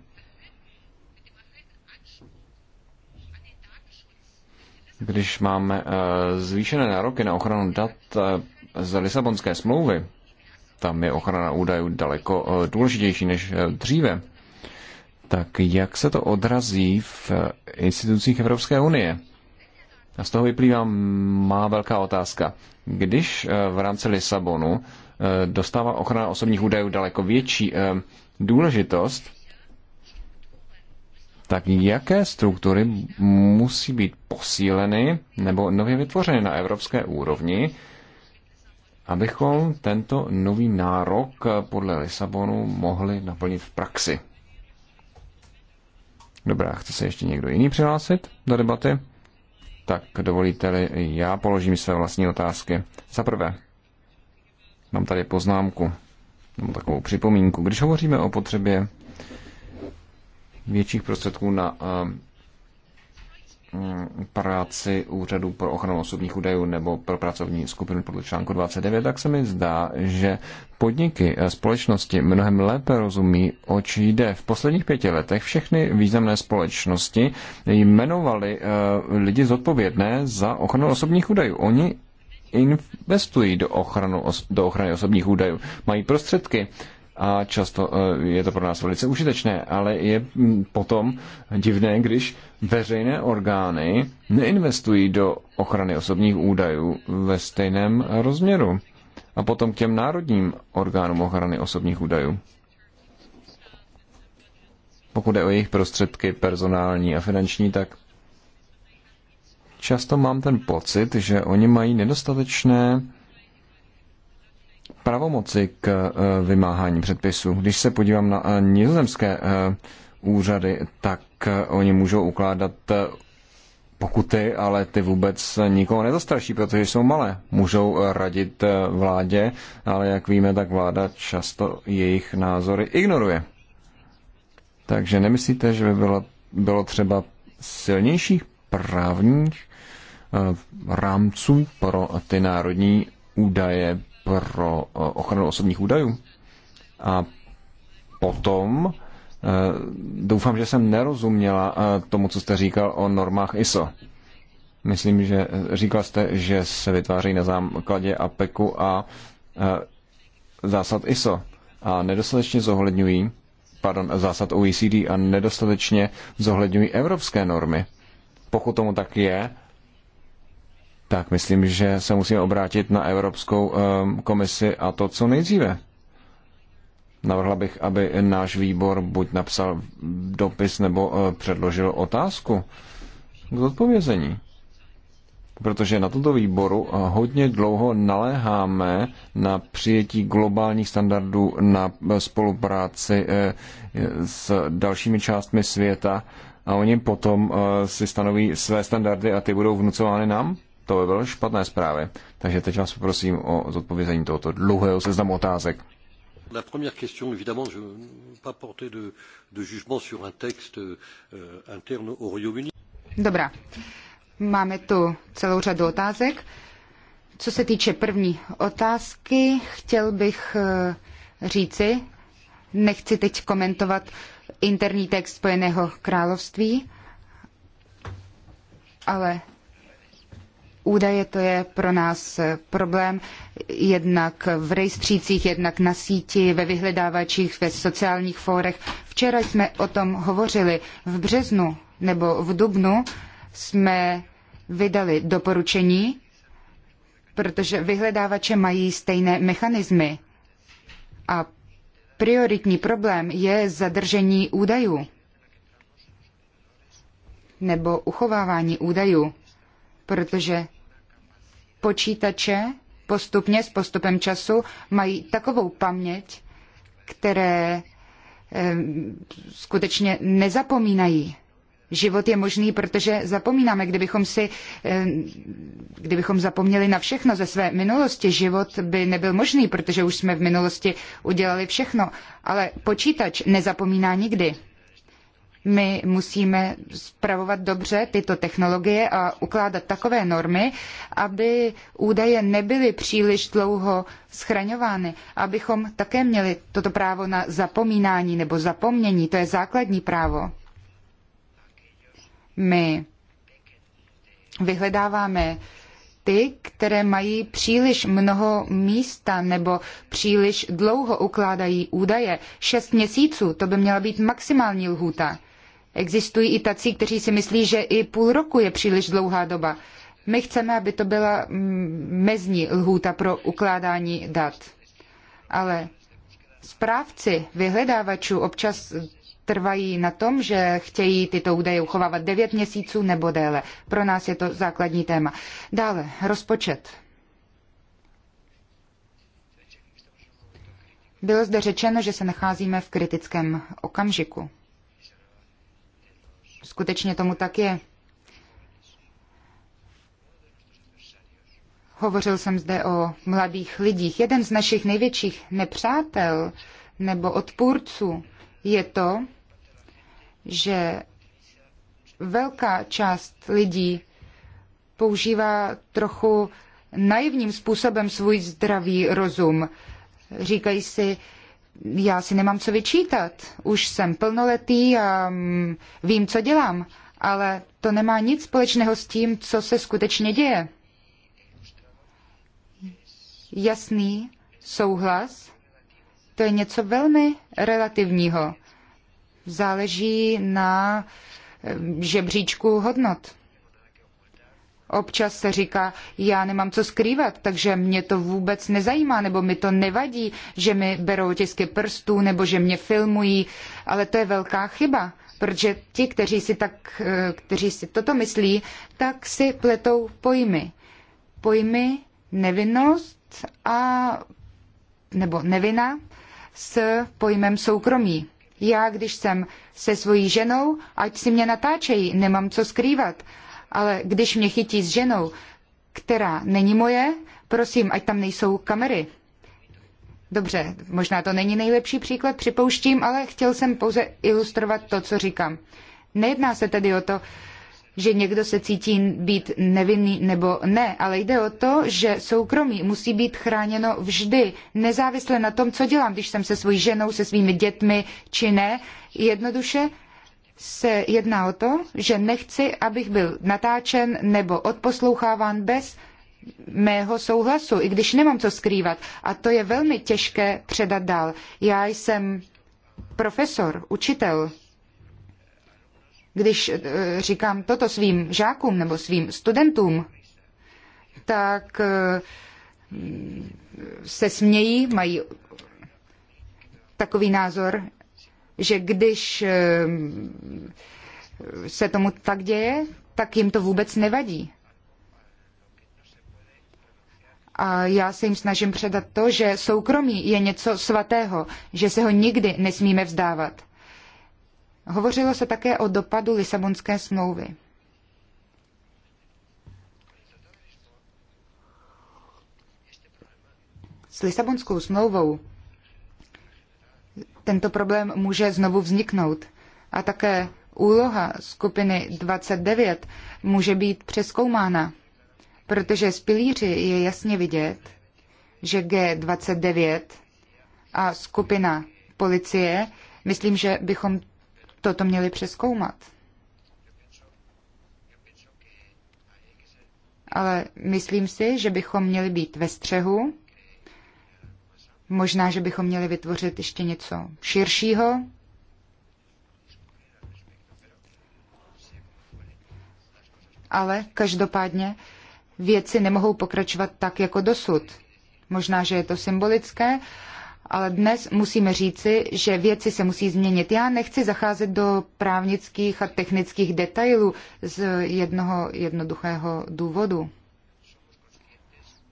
když máme eh, zvýšené nároky na ochranu dat eh, z Lisabonské smlouvy, tam je ochrana údajů daleko eh, důležitější než dříve, tak jak se to odrazí v institucích Evropské unie? A z toho vyplývá má velká otázka. Když v rámci Lisabonu dostává ochrana osobních údajů daleko větší důležitost, tak jaké struktury musí být posíleny nebo nově vytvořeny na evropské úrovni, abychom tento nový nárok podle Lisabonu mohli naplnit v praxi? Dobrá, chce se ještě někdo jiný přihlásit do debaty? Tak dovolíte-li, já položím své vlastní otázky. Za prvé, mám tady poznámku, mám takovou připomínku. Když hovoříme o potřebě větších prostředků na eh, mm, práci úřadu pro ochranu osobních údajů nebo pro pracovní skupinu podle článku 29, tak se mi zdá, že podniky eh, společnosti mnohem lépe rozumí, či jde. V posledních pěti letech všechny významné společnosti jmenovali eh, lidi zodpovědné za ochranu osobních údajů. Oni investují do, ochranu, do ochrany osobních údajů, mají prostředky a často eh, je to pro nás velice užitečné, ale je mm, potom divné, když veřejné orgány neinvestují do ochrany osobních údajů ve stejném rozměru. A potom k těm národním orgánům ochrany osobních údajů. Pokud je o jejich prostředky personální a finanční, tak často mám ten pocit, že oni mají nedostatečné pravomoci k eh, vymáhání předpisů. Když se podívám na eh, nizozemské eh, úřady, tak oni můžou ukládat pokuty, ale ty vůbec nikoho nezastraší, protože jsou malé. Můžou radit vládě, ale jak víme, tak vláda často jejich názory ignoruje. Takže nemyslíte, že by bylo, bylo třeba silnějších právních rámců pro ty národní údaje pro eh, ochranu osobních údajů. A potom eh, doufám, že jsem nerozuměla eh, tomu, co jste říkal o normách ISO. Myslím, že říkal jste, že se vytváří na základě APECu a e zásad ISO a nedostatečně zohledňují pardon, zásad OECD a nedostatečně zohledňují evropské normy. Pokud tomu tak je, tak myslím, že se musíme obrátit na Evropskou eh, komisi a to co nejdříve. Navrhla bych, aby náš výbor buď napsal dopis nebo eh, předložil otázku k odpovězení, Protože na tomto výboru eh, hodně dlouho naléháme na přijetí globálních standardů na spolupráci s dalšími částmi světa a oni potom si stanoví své standardy a ty budou vnucovány nám. To by bylo špatné zprávy. Takže teď vás poprosím o zodpovězení tohoto dlouhého seznamu otázek. La première question, évidemment, je ne pas porter de, de jugement sur un texte euh, interne au Royaume-Uni. Dobrá. Máme tu celou řadu otázek. Co se týče první otázky, chtěl bych eh, říci, nechci teď komentovat interní text Spojeného království, ale údaje, to je pro nás eh, problém jednak v rejstřících, jednak na síti, ve vyhledávačích, ve sociálních fórech. Včera jsme o tom hovořili. V březnu nebo v dubnu jsme vydali doporučení, protože vyhledávače mají stejné mechanismy. A prioritní problém je zadržení údajů nebo uchovávání údajů, protože počítače postupně s postupem času mají takovou paměť, které eh, skutečně nezapomínají. Život je možný, protože zapomínáme. Kdybychom si, eh, kdybychom zapomněli na všechno ze své minulosti, život by nebyl možný, protože už jsme v minulosti udělali všechno. Ale počítač nezapomíná nikdy. My musíme spravovat dobře tyto technologie a ukládat takové normy, aby údaje nebyly příliš dlouho schraňovány, abychom také měli toto právo na zapomínání nebo zapomnění. To je základní právo. My vyhledáváme ty, které mají příliš mnoho místa nebo příliš dlouho ukládají údaje. Šest měsíců, to by měla být maximální lhůta. Existují i tací, kteří si myslí, že i půl roku je příliš dlouhá doba. My chceme, aby to byla mezní lhůta pro ukládání dat. Ale správci vyhledávačů občas trvají na tom, že chtějí tyto údaje uchovávat 9 měsíců nebo déle. Pro nás je to základní téma. Dále, rozpočet. Bylo zde řečeno, že se nacházíme v kritickém okamžiku skutečně tomu tak je. Hovořil jsem zde o mladých lidích. Jeden z našich největších nepřátel nebo odpůrců je to, že velká část lidí používá trochu naivním způsobem svůj zdravý rozum. Říkají si, já si nemám co vyčítat. Už jsem plnoletý a mm, vím, co dělám, ale to nemá nic společného s tím, co se skutečně děje. Jasný souhlas, to je něco velmi relativního. Záleží na eh, žebříčku hodnot. Občas se říká, já nemám co skrývat, takže mě to vůbec nezajímá, nebo mi to nevadí, že mi berou otisky prstů, nebo že mě filmují, ale to je velká chyba, protože ti, kteří si, tak, eh, kteří si toto myslí, tak si pletou pojmy. Pojmy nevinnost a nebo nevina s pojmem soukromí. Já, když jsem se svojí ženou, ať si mě natáčejí, nemám co skrývat ale když mě chytí s ženou, která není moje, prosím, ať tam nejsou kamery. Dobře, možná to není nejlepší příklad, připouštím, ale chtěl jsem pouze ilustrovat to, co říkám. Nejedná se tedy o to, že někdo se cítí být nevinný nebo ne, ale jde o to, že soukromí musí být chráněno vždy, nezávisle na tom, co dělám, když jsem se svojí ženou, se svými dětmi či ne. Jednoduše se jedná o to, že nechci, abych byl natáčen nebo odposloucháván bez mého souhlasu, i když nemám co skrývat. A to je velmi těžké předat dál. Já jsem profesor, učitel. Když eh, říkám toto svým žákům nebo svým studentům, tak eh, se smějí, mají takový názor, že když ehm, se tomu tak děje, tak jim to vůbec nevadí. A já se jim snažím předat to, že soukromí je něco svatého, že se ho nikdy nesmíme vzdávat. Hovořilo se také o dopadu Lisabonské smlouvy. S Lisabonskou smlouvou tento problém může znovu vzniknout. A také úloha skupiny 29 může být přeskoumána, protože z pilíři je jasně vidět, že G29 a skupina policie, myslím, že bychom toto měli přeskoumat. Ale myslím si, že bychom měli být ve střehu Možná, že bychom měli vytvořit ještě něco širšího. Ale každopádně věci nemohou pokračovat tak jako dosud. Možná, že je to symbolické, ale dnes musíme říci, že věci se musí změnit. Já nechci zacházet do právnických a technických detailů z jednoho jednoduchého důvodu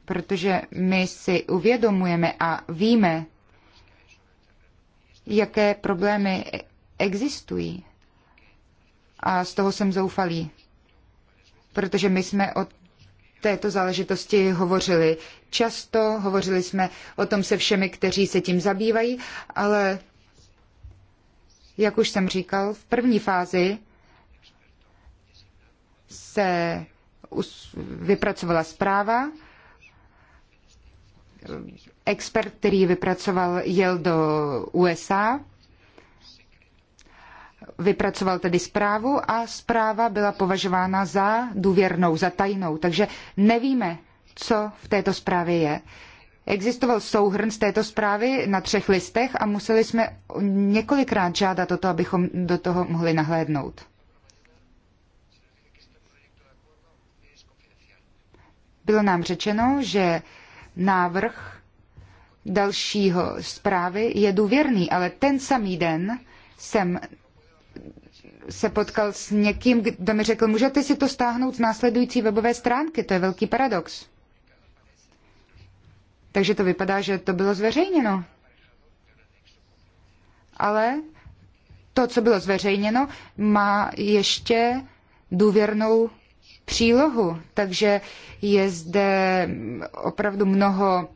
protože my si uvědomujeme a víme, jaké problémy existují. A z toho jsem zoufalý, protože my jsme o této záležitosti hovořili často, hovořili jsme o tom se všemi, kteří se tím zabývají, ale jak už jsem říkal, v první fázi se vypracovala zpráva, expert, který vypracoval, jel do USA, vypracoval tedy zprávu a zpráva byla považována za důvěrnou, za tajnou, takže nevíme, co v této zprávě je. Existoval souhrn z této zprávy na třech listech a museli jsme několikrát žádat o to, abychom do toho mohli nahlédnout. Bylo nám řečeno, že návrh dalšího zprávy je důvěrný, ale ten samý den jsem se potkal s někým, kdo mi řekl, můžete si to stáhnout z následující webové stránky, to je velký paradox. Takže to vypadá, že to bylo zveřejněno. Ale to, co bylo zveřejněno, má ještě důvěrnou přílohu, takže je zde opravdu mnoho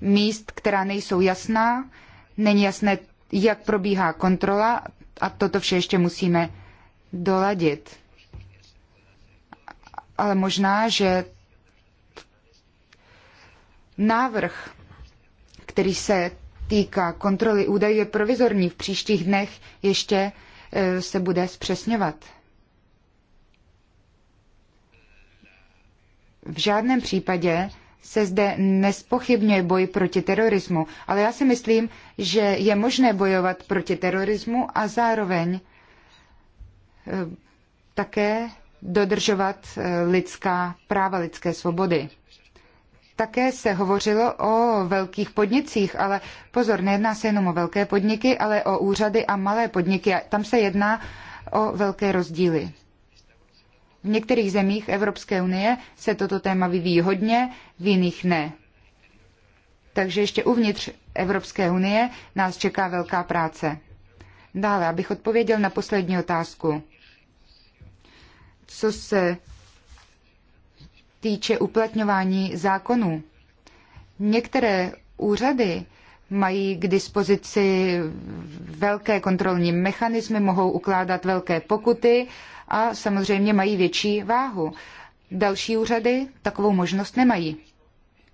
míst, která nejsou jasná, není jasné, jak probíhá kontrola a toto vše ještě musíme doladit. Ale možná, že návrh, který se týká kontroly údajů, je provizorní. V příštích dnech ještě eh, se bude zpřesňovat. V žádném případě se zde nespochybňuje boj proti terorismu, ale já si myslím, že je možné bojovat proti terorismu a zároveň eh, také dodržovat eh, lidská práva, lidské svobody. Také se hovořilo o velkých podnicích, ale pozor, nejedná se jenom o velké podniky, ale o úřady a malé podniky. Tam se jedná o velké rozdíly. V některých zemích Evropské unie se toto téma vyvíjí hodně, v jiných ne. Takže ještě uvnitř Evropské unie nás čeká velká práce. Dále, abych odpověděl na poslední otázku. Co se týče uplatňování zákonů, některé úřady mají k dispozici velké kontrolní mechanismy, mohou ukládat velké pokuty a samozřejmě mají větší váhu. Další úřady takovou možnost nemají.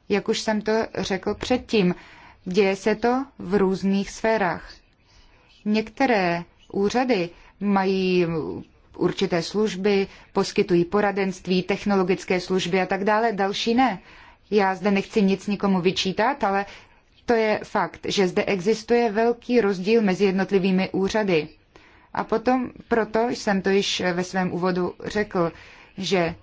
Jak už jsem to řekl předtím, děje se to v různých sférách. Některé úřady mají určité služby, poskytují poradenství, technologické služby a tak dále, další ne. Já zde nechci nic nikomu vyčítat, ale to je fakt, že zde existuje velký rozdíl mezi jednotlivými úřady. A potom proto jsem to již ve svém úvodu řekl, že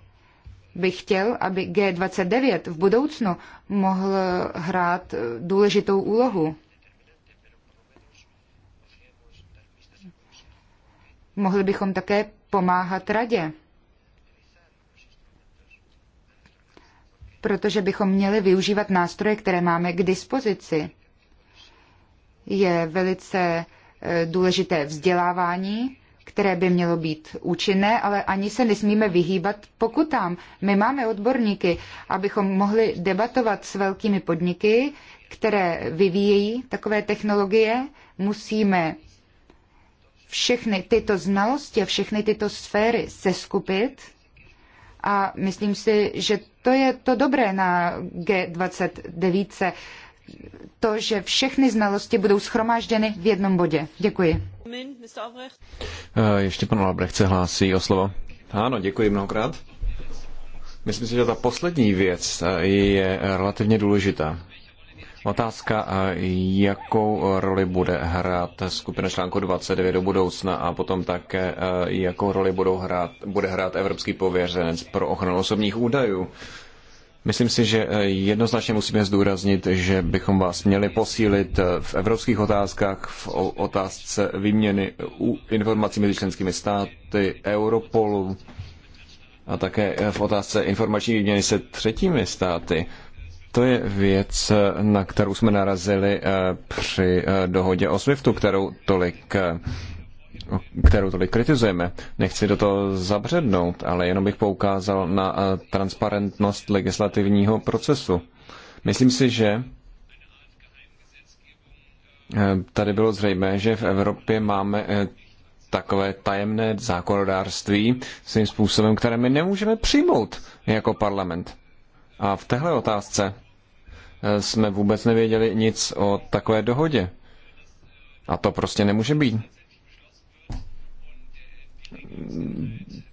bych chtěl, aby G29 v budoucnu mohl hrát důležitou úlohu. Mohli bychom také pomáhat radě, protože bychom měli využívat nástroje, které máme k dispozici. Je velice důležité vzdělávání, které by mělo být účinné, ale ani se nesmíme vyhýbat pokutám. My máme odborníky, abychom mohli debatovat s velkými podniky, které vyvíjejí takové technologie, musíme všechny tyto znalosti a všechny tyto sféry seskupit a myslím si, že to je to dobré na G29 to, že všechny znalosti budou schromážděny v jednom bodě. Děkuji. Eh, ještě pan Albrecht se hlásí o slovo. Ano, děkuji mnohokrát. Myslím si, že ta poslední věc eh, je relativně důležitá. Otázka, eh, jakou roli bude hrát skupina článku 29 do budoucna a potom také, jakou roli budou hrát, bude hrát Evropský pověřenec pro ochranu osobních údajů. Myslím si, že eh, jednoznačně musíme zdůraznit, že bychom vás měli posílit eh, v evropských otázkách, v otázce výměny eh, informací mezi členskými státy, Europolu a také v otázce informační výměny se třetími státy. To je věc, na kterou jsme narazili při dohodě o SWIFTu, kterou tolik kterou tolik kritizujeme. Nechci do toho zabřednout, ale jenom bych poukázal na eh, transparentnost legislativního procesu. Myslím si, že eh, tady bylo zřejmé, že v Evropě máme eh, takové tajemné zákonodárství svým způsobem, které my nemůžeme přijmout jako parlament. A v téhle otázce jsme vůbec nevěděli nic o takové dohodě. A to prostě nemůže být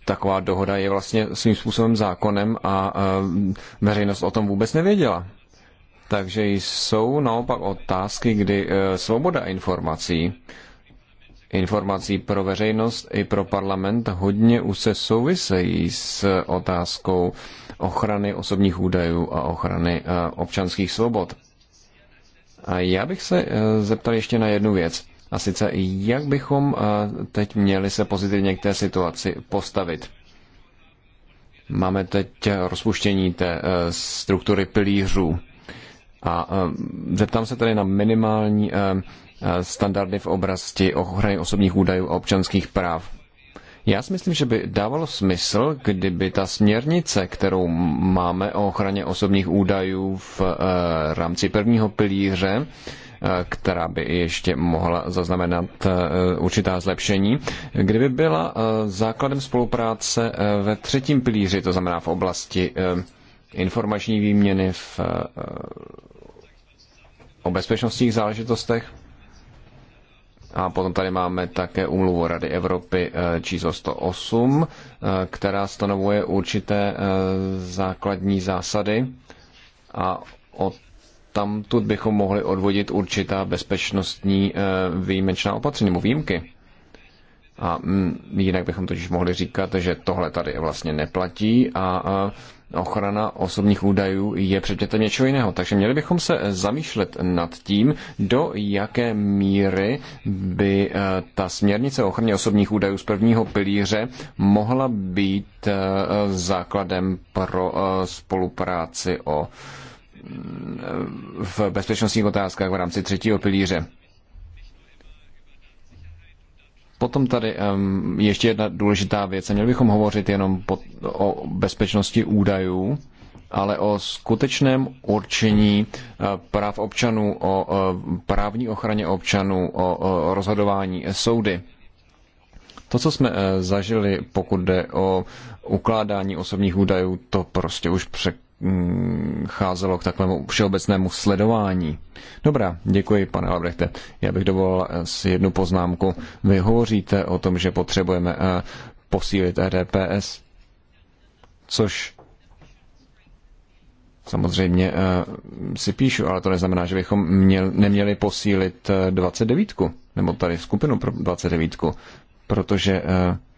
taková dohoda je vlastně svým způsobem zákonem a veřejnost o tom vůbec nevěděla. Takže jsou naopak otázky, kdy e, svoboda informací, informací pro veřejnost i pro parlament hodně už se souvisejí s otázkou ochrany osobních údajů a ochrany e, občanských svobod. A já bych se e, zeptal ještě na jednu věc. A sice, jak bychom eh, teď měli se pozitivně k té situaci postavit? Máme teď rozpuštění té eh, struktury pilířů. A eh, zeptám se tedy na minimální standardy v oblasti ochrany osobních údajů a občanských práv. Já si myslím, že by dávalo smysl, kdyby ta směrnice, kterou máme o ochraně osobních údajů v rámci prvního pilíře, Eh, která by ještě mohla zaznamenat eh, určitá zlepšení. Kdyby byla eh, základem spolupráce ve třetím pilíři, to znamená v oblasti informační výměny v, o bezpečnostních záležitostech, a potom tady máme také úmluvu Rady Evropy číslo 108, která stanovuje určité základní zásady a o tam tu bychom mohli odvodit určitá bezpečnostní eh, výjimečná opatření nebo výjimky. A mm, jinak bychom totiž mohli říkat, že tohle tady vlastně neplatí a ochrana osobních údajů je předmětem něčeho jiného. Takže měli bychom se zamýšlet nad tím, do jaké míry by eh, ta směrnice o ochraně osobních údajů z prvního pilíře mohla být eh, základem pro spolupráci o v bezpečnostních otázkách v rámci třetího pilíře. Potom tady um, ještě jedna důležitá věc. Měli bychom hovořit jenom pod, o bezpečnosti údajů, ale o skutečném určení eh, práv občanů, o eh, právní ochraně občanů, o rozhodování soudy. To, co jsme eh, zažili, pokud jde o ukládání osobních údajů, to prostě už přek Mm, cházelo k takovému všeobecnému sledování. Dobrá, děkuji, pane Albrechte. Já bych dovolil eh, si jednu poznámku. Vy hovoříte o tom, že potřebujeme eh, posílit RDPS, což samozřejmě eh, si píšu, ale to neznamená, že bychom měl, neměli posílit 29, nebo tady skupinu pro 29, protože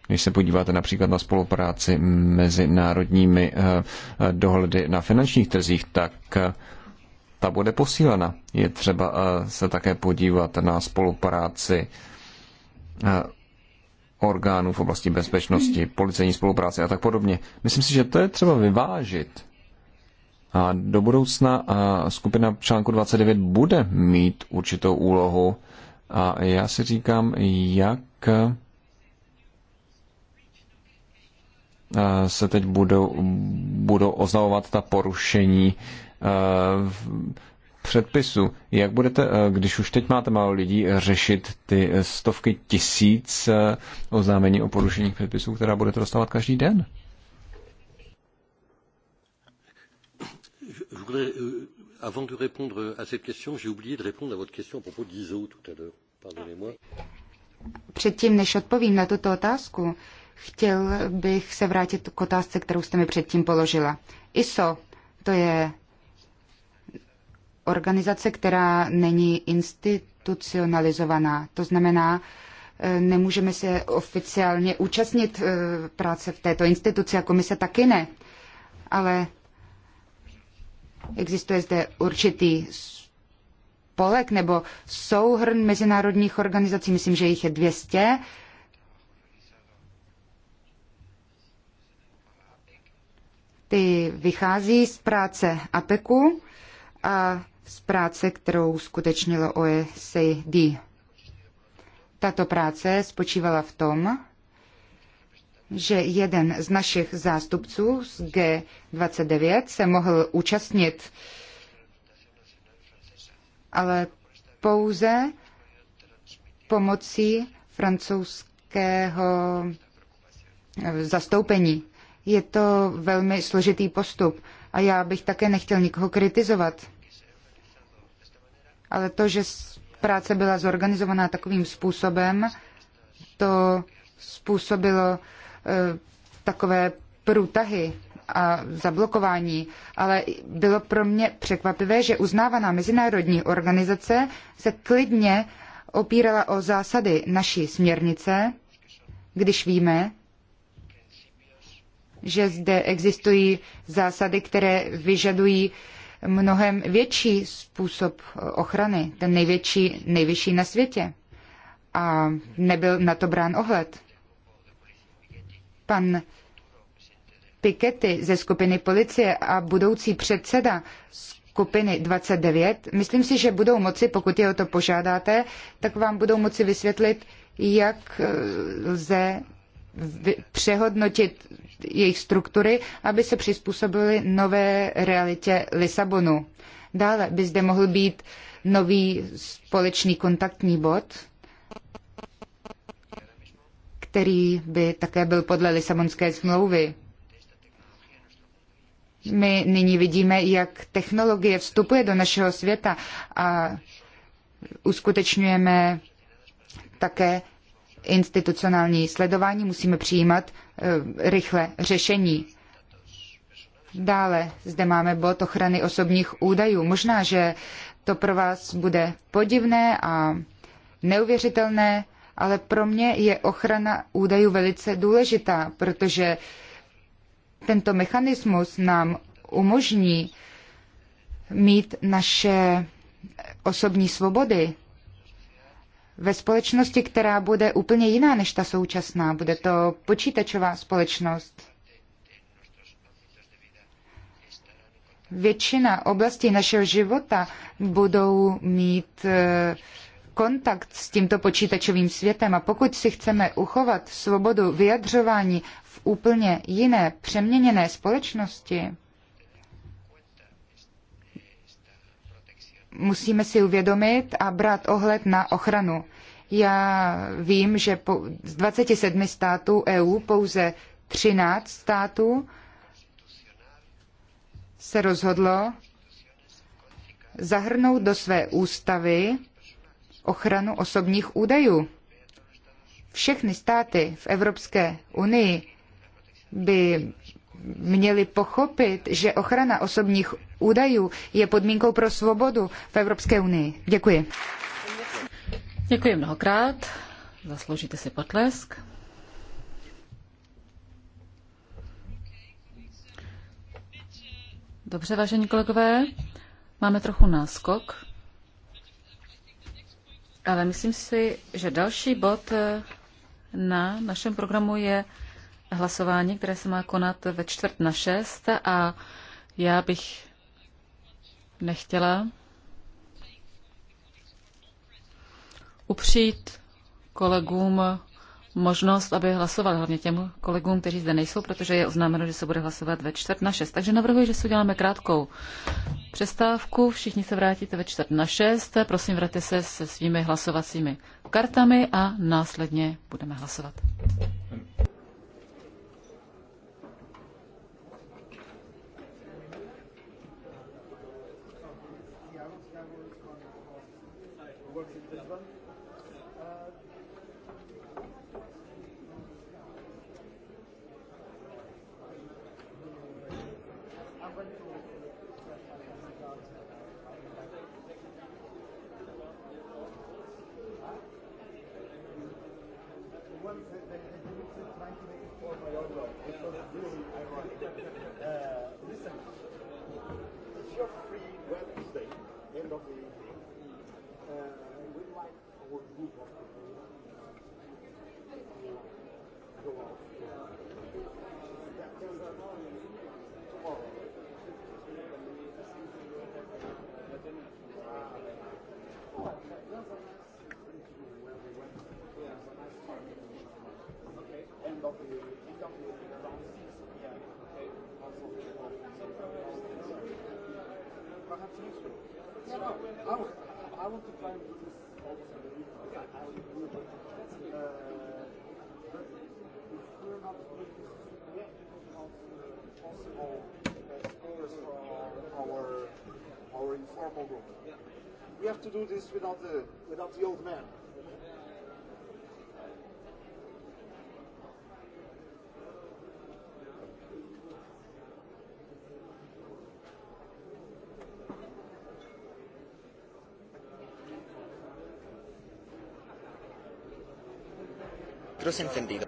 když se podíváte například na spolupráci mezi národními eh, eh, dohledy na finančních trzích, tak eh, ta bude posílena. Je třeba se také podívat na spolupráci orgánů v oblasti bezpečnosti, policejní spolupráce a tak podobně. Myslím si, že to je třeba vyvážit. A do budoucna a skupina článku 29 bude mít určitou úlohu. A já si říkám, jak Eh, se teď budou, budou oznamovat ta porušení eh, předpisu. Jak budete, eh, když už teď máte málo lidí, řešit ty stovky tisíc oznámení o porušení předpisů, která budete dostávat každý den? Euh, avant de répondre à cette question, j'ai oublié de répondre à votre question à propos d'ISO tout à l'heure. Pardonnez-moi. Předtím, než odpovím na tuto otázku, Chtěl bych se vrátit k otázce, kterou jste mi předtím položila. ISO, to je organizace, která není institucionalizovaná. To znamená, e, nemůžeme se oficiálně účastnit e, práce v této instituci a komise taky ne. Ale existuje zde určitý spolek nebo souhrn mezinárodních organizací, myslím, že jich je 200, Ty vychází z práce APEKu a z práce, kterou skutečnilo OECD. Tato práce spočívala v tom, že jeden z našich zástupců z G29 se mohl účastnit, ale pouze pomocí francouzského zastoupení je to velmi složitý postup a já bych také nechtěl nikoho kritizovat. Ale to, že práce byla zorganizovaná takovým způsobem, to způsobilo e, takové průtahy a zablokování, ale bylo pro mě překvapivé, že uznávaná mezinárodní organizace se klidně opírala o zásady naší směrnice, když víme, že zde existují zásady, které vyžadují mnohem větší způsob ochrany, ten největší, nejvyšší na světě. A nebyl na to brán ohled. Pan Piketty ze skupiny policie a budoucí předseda skupiny 29, myslím si, že budou moci, pokud je o to požádáte, tak vám budou moci vysvětlit, jak eh, lze přehodnotit jejich struktury, aby se přizpůsobily nové realitě Lisabonu. Dále by zde mohl být nový společný kontaktní bod, který by také byl podle Lisabonské smlouvy. My nyní vidíme, jak technologie vstupuje do našeho světa a uskutečňujeme také institucionální sledování, musíme přijímat eh, rychle řešení. Dále zde máme bod ochrany osobních údajů. Možná, že to pro vás bude podivné a neuvěřitelné, ale pro mě je ochrana údajů velice důležitá, protože tento mechanismus nám umožní mít naše osobní svobody ve společnosti, která bude úplně jiná než ta současná. Bude to počítačová společnost. Většina oblastí našeho života budou mít eh, kontakt s tímto počítačovým světem a pokud si chceme uchovat svobodu vyjadřování v úplně jiné přeměněné společnosti, musíme si uvědomit a brát ohled na ochranu. Já vím, že po, z 27 států EU pouze 13 států se rozhodlo zahrnout do své ústavy ochranu osobních údajů. Všechny státy v Evropské unii by měli pochopit, že ochrana osobních údajů je podmínkou pro svobodu v Evropské unii. Děkuji. Děkuji mnohokrát. Zasloužíte si potlesk. Dobře, vážení kolegové, máme trochu náskok, ale myslím si, že další bod na našem programu je hlasování, které se má konat ve čtvrt na šest a já bych nechtěla upřít kolegům možnost, aby hlasoval, hlavně těm kolegům, kteří zde nejsou, protože je oznámeno, že se bude hlasovat ve čtvrt na šest. Takže navrhuji, že si uděláme krátkou přestávku, všichni se vrátíte ve čtvrt na šest, prosím vraťte se se svými hlasovacími kartami a následně budeme hlasovat. about the old man. entendido.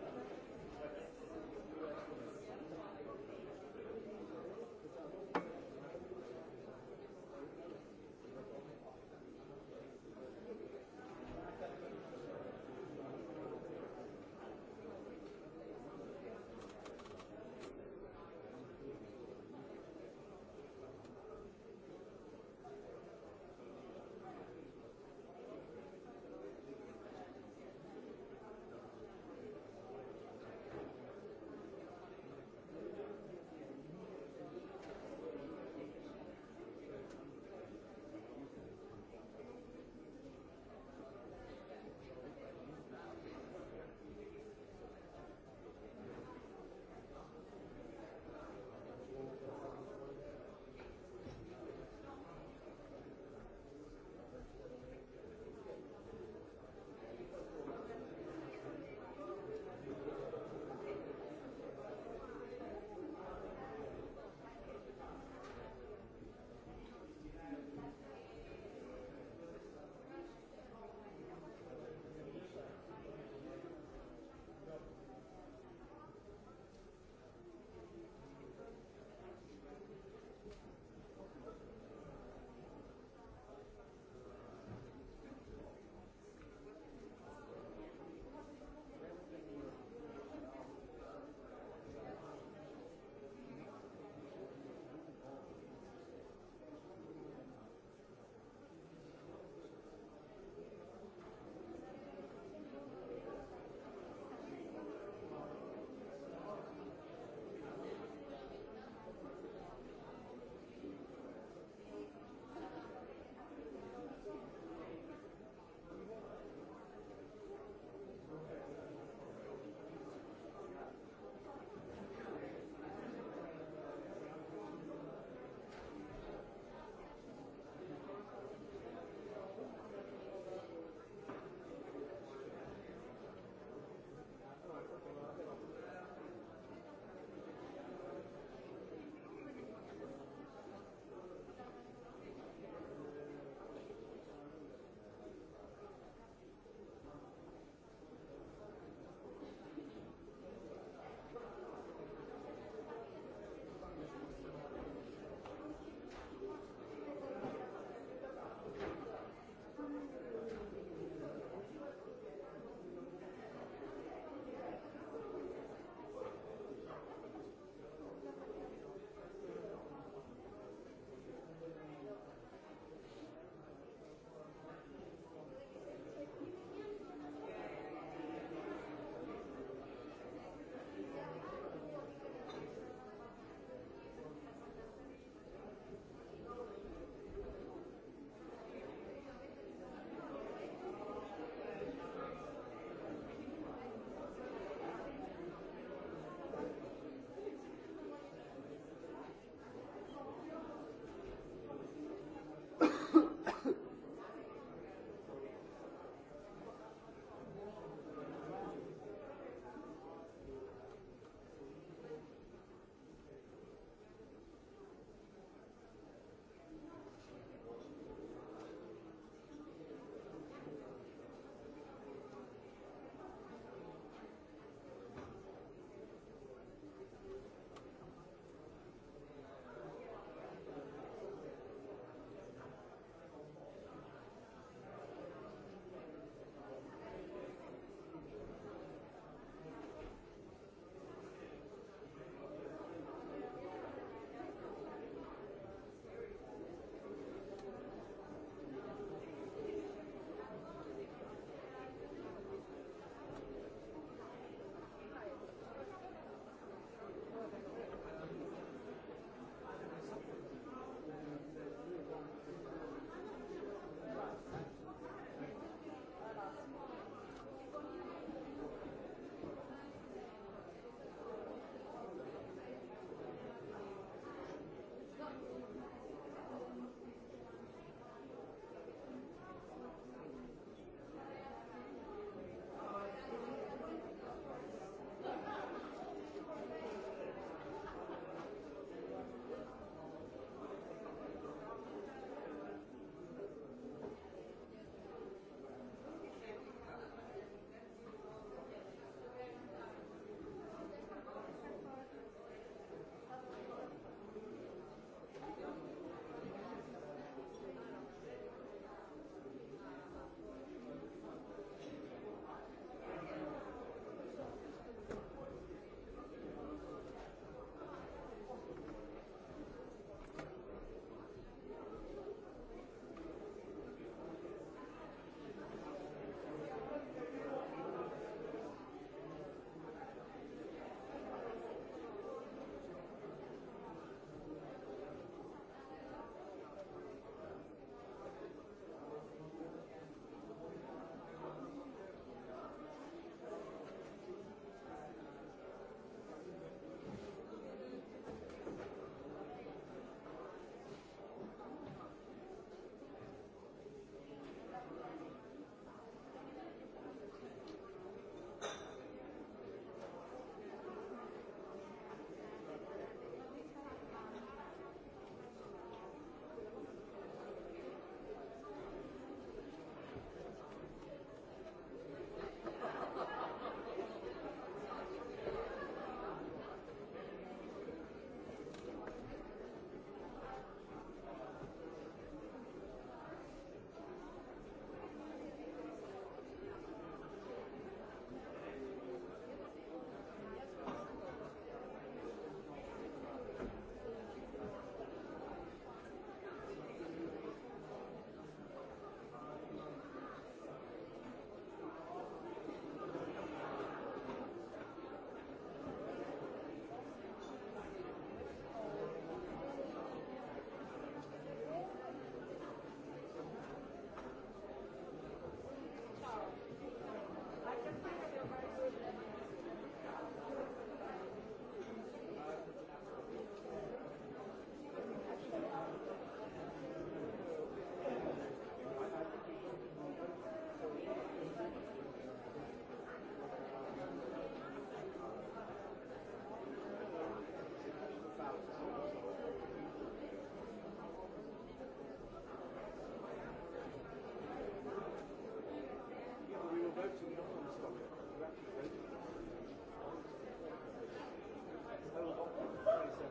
Thank you.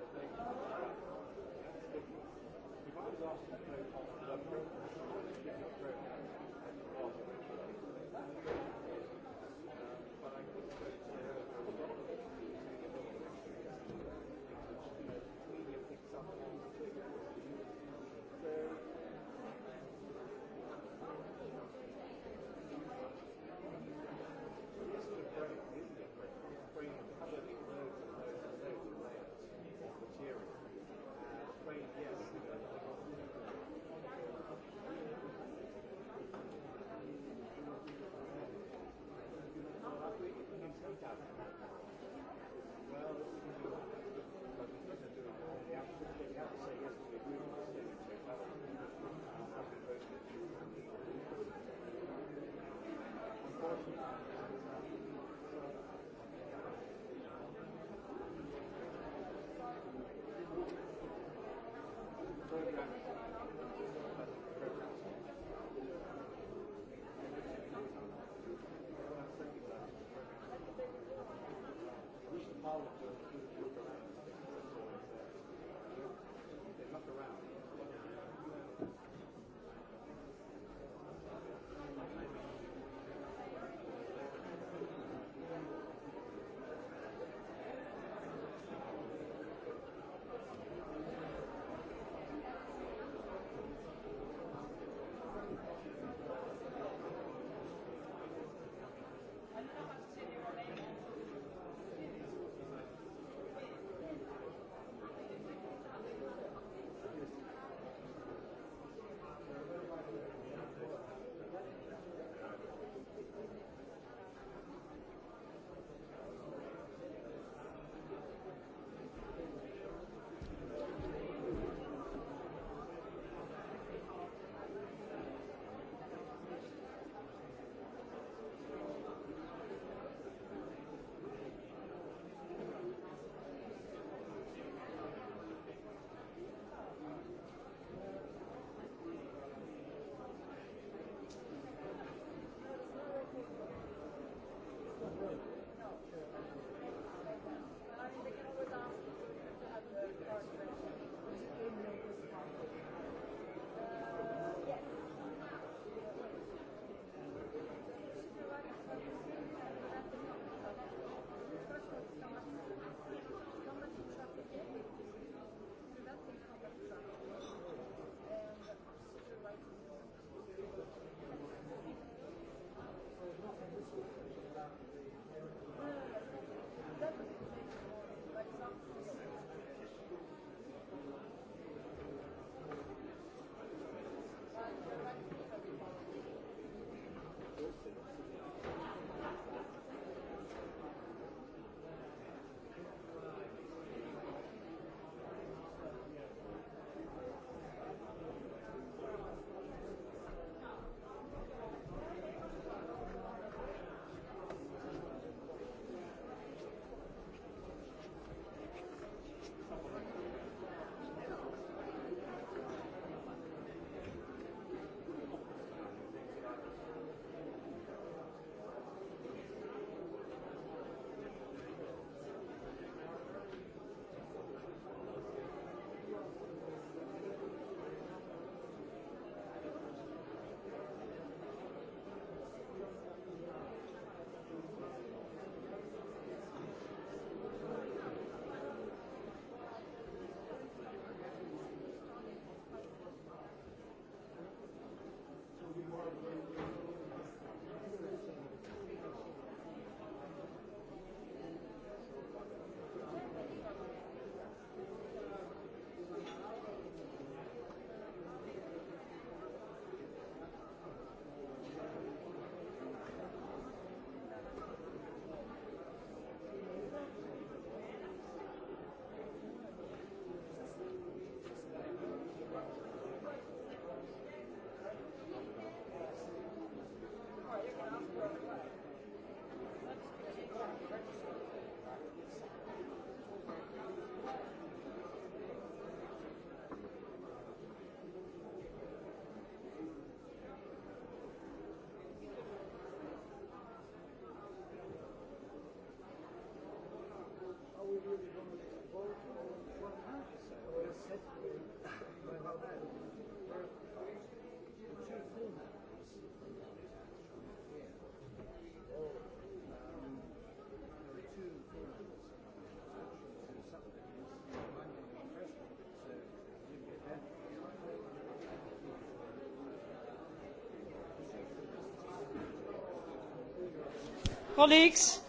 Colleagues,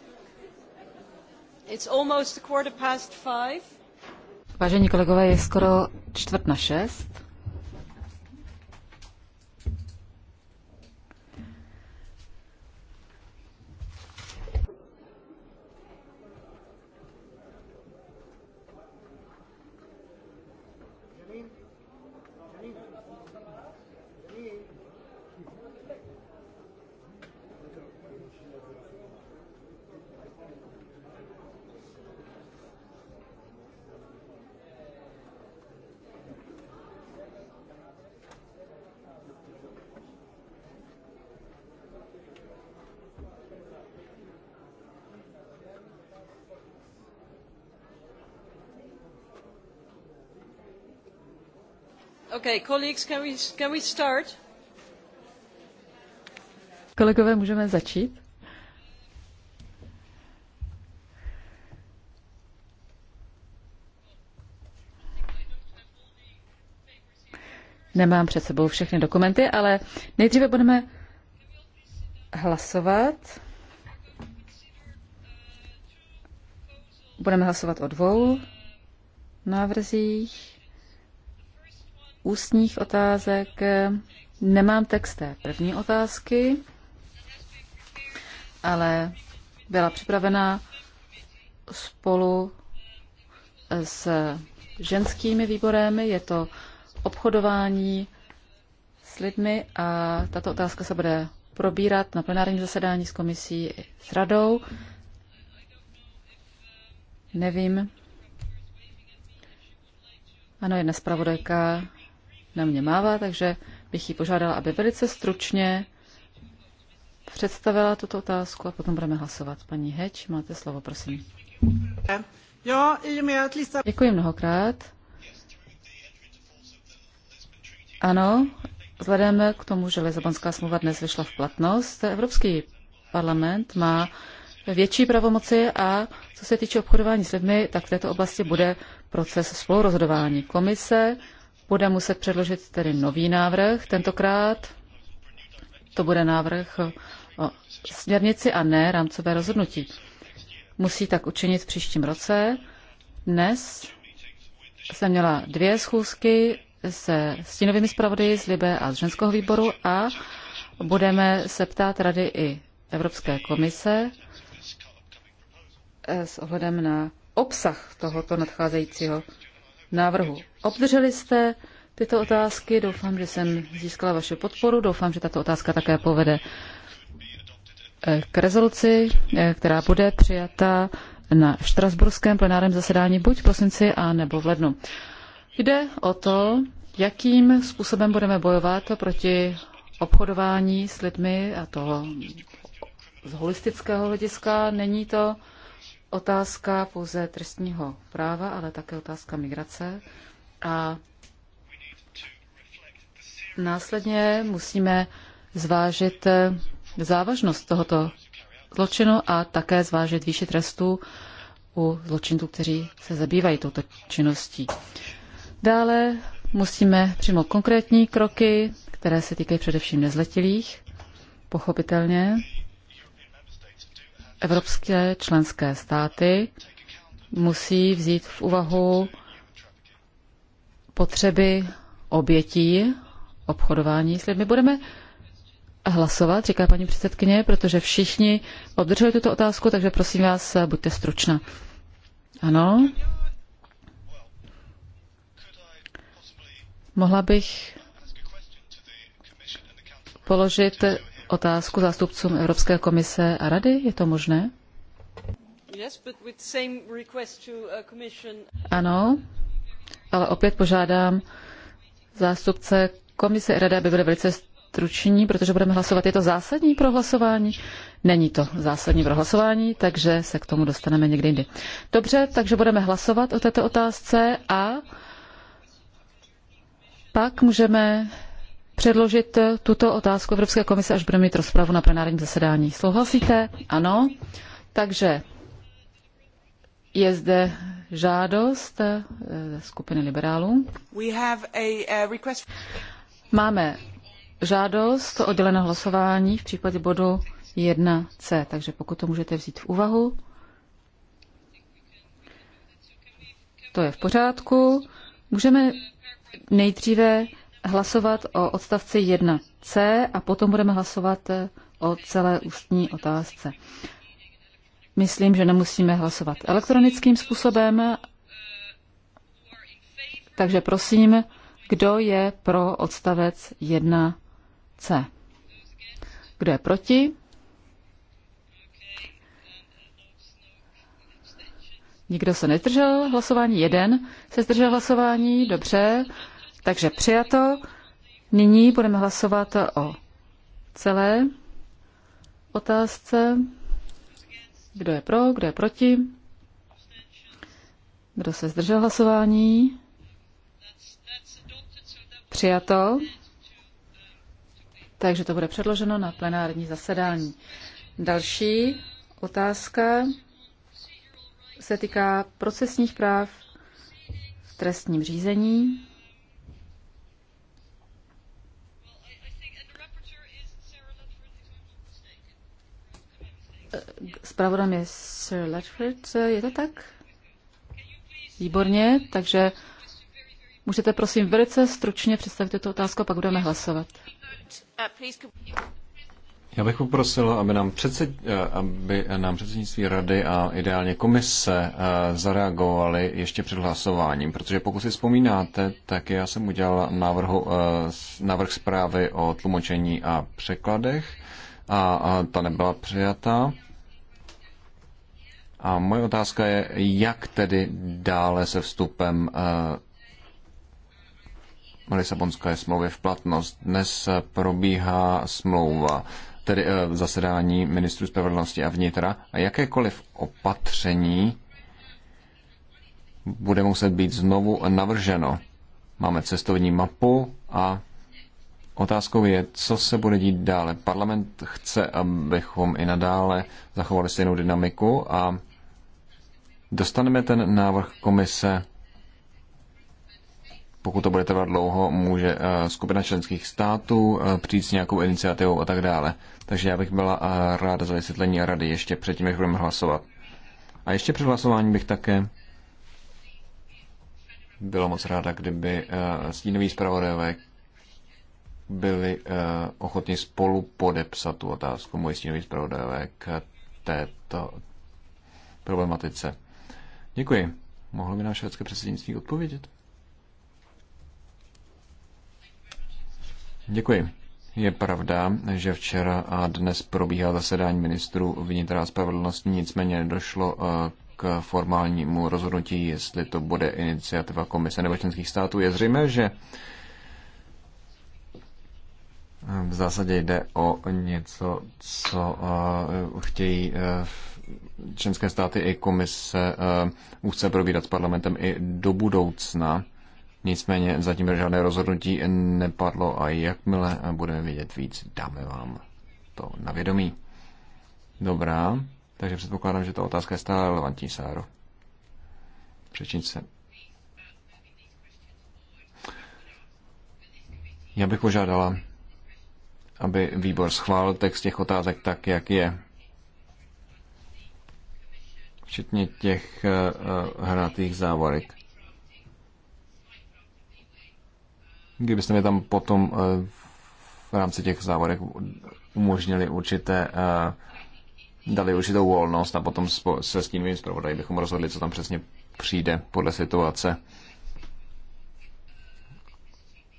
a Vážení kolegové, je skoro čtvrt na šest. Okay, colleagues, can we, can we start? Kolegové, můžeme začít? Nemám před sebou všechny dokumenty, ale nejdříve budeme hlasovat. Budeme hlasovat o dvou návrzích ústních otázek. Nemám text té první otázky, ale byla připravena spolu s ženskými výborem. Je to obchodování s lidmi a tato otázka se bude probírat na plenárním zasedání s komisí i s radou. Nevím. Ano, jedna zpravodajka na mě mává, takže bych ji požádala, aby velice stručně představila tuto otázku a potom budeme hlasovat. Paní Heč, máte slovo, prosím. Děkuji mnohokrát. Ano, vzhledem k tomu, že Lizabonská smlouva dnes vyšla v platnost, Evropský parlament má větší pravomoci a co se týče obchodování s lidmi, tak v této oblasti bude proces spolurozhodování. Komise bude muset předložit tedy nový návrh. Tentokrát to bude návrh o směrnici a ne rámcové rozhodnutí. Musí tak učinit v příštím roce. Dnes jsem měla dvě schůzky se stínovými zpravodaji z Libe a z ženského výboru a budeme se ptát rady i Evropské komise eh, s ohledem na obsah tohoto nadcházejícího návrhu. Obdrželi jste tyto otázky, doufám, že jsem získala vaši podporu, doufám, že tato otázka také povede eh, k rezoluci, eh, která bude přijata na štrasburském plenárním zasedání buď v prosinci a nebo v lednu. Jde o to, jakým způsobem budeme bojovat proti obchodování s lidmi a to z holistického hlediska. Není to otázka pouze trestního práva, ale také otázka migrace. A následně musíme zvážit eh, závažnost tohoto zločinu a také zvážit výši trestu u zločinců, kteří se zabývají touto činností. Dále musíme přijmout konkrétní kroky, které se týkají především nezletilých, pochopitelně. Evropské členské státy musí vzít v úvahu potřeby obětí obchodování s lidmi. Budeme hlasovat, říká paní předsedkyně, protože všichni obdrželi tuto otázku, takže prosím vás, buďte stručná. Ano. Mohla bych položit otázku zástupcům Evropské komise a rady? Je to možné? Uh, ano, ale opět požádám zástupce komise Rady, aby byly velice struční, protože budeme hlasovat. Je to zásadní pro hlasování? Není to zásadní pro hlasování, takže se k tomu dostaneme někdy jindy. Dobře, takže budeme hlasovat o této otázce a pak můžeme předložit eh, tuto otázku Evropské komise, až budeme mít rozpravu na plenárním zasedání. Souhlasíte? Ano. Takže je zde žádost eh, skupiny liberálů. Máme žádost o oddělené hlasování v případě bodu 1c, takže pokud to můžete vzít v úvahu, to je v pořádku. Můžeme nejdříve hlasovat o odstavci 1c a potom budeme hlasovat o celé ústní otázce. Myslím, že nemusíme hlasovat elektronickým způsobem, takže prosím, kdo je pro odstavec 1c? Kdo je proti? Nikdo se nezdržel hlasování, jeden se zdržel hlasování, dobře. Takže přijato. Nyní budeme hlasovat o celé otázce. Kdo je pro, kdo je proti? Kdo se zdržel hlasování? Přijato. Takže to bude předloženo na plenární zasedání. Další otázka se týká procesních práv v trestním řízení. zpravodajem je Sir Ledford, je to tak? Výborně, takže můžete prosím velice stručně představit tuto otázku a pak budeme hlasovat. Já bych poprosil, aby nám, předsed, eh, aby nám předsednictví rady a ideálně komise eh, zareagovaly ještě před hlasováním, protože pokud si vzpomínáte, tak já jsem udělal návrhu, eh, návrh zprávy o tlumočení a překladech a ta nebyla přijata. A moje otázka je, jak tedy dále se vstupem eh, Lisabonské smlouvy v platnost. Dnes probíhá smlouva, tedy eh, zasedání ministrů spravedlnosti a vnitra a jakékoliv opatření bude muset být znovu navrženo. Máme cestovní mapu a otázkou je, co se bude dít dále. Parlament chce, abychom i nadále zachovali stejnou dynamiku a Dostaneme ten návrh komise, pokud to bude trvat dlouho, může eh, skupina členských států eh, přijít s nějakou iniciativou a tak dále. Takže já bych byla eh, ráda za vysvětlení a rady ještě předtím, než budeme hlasovat. A ještě před hlasováním bych také byla moc ráda, kdyby stínoví zpravodajové byli ochotni spolu podepsat tu otázku, moji stínoví zpravodajové k této problematice. Děkuji. Mohlo by nám švédské předsednictví odpovědět? Děkuji. Je pravda, že včera a dnes probíhá zasedání ministrů vnitra a spravedlnosti, nicméně nedošlo eh, k formálnímu rozhodnutí, jestli to bude iniciativa Komise nebo členských států. Je zřejmé, že eh, v zásadě jde o něco, co eh, chtějí v členské státy i komise úzce eh, probírat s parlamentem i do budoucna. Nicméně zatím žádné rozhodnutí nepadlo a jakmile budeme vědět víc, dáme vám to na vědomí. Dobrá, takže předpokládám, že ta otázka je stále relevantní, Sáro. Přečnice. Já bych požádala, aby výbor schválil text těch otázek tak, jak je včetně těch eh, eh, hranatých závorek. Kdybyste mi tam potom eh, v rámci těch závorek umožnili určité, dali určitou volnost a potom se tím zpravodají bychom rozhodli, co tam přesně přijde podle situace.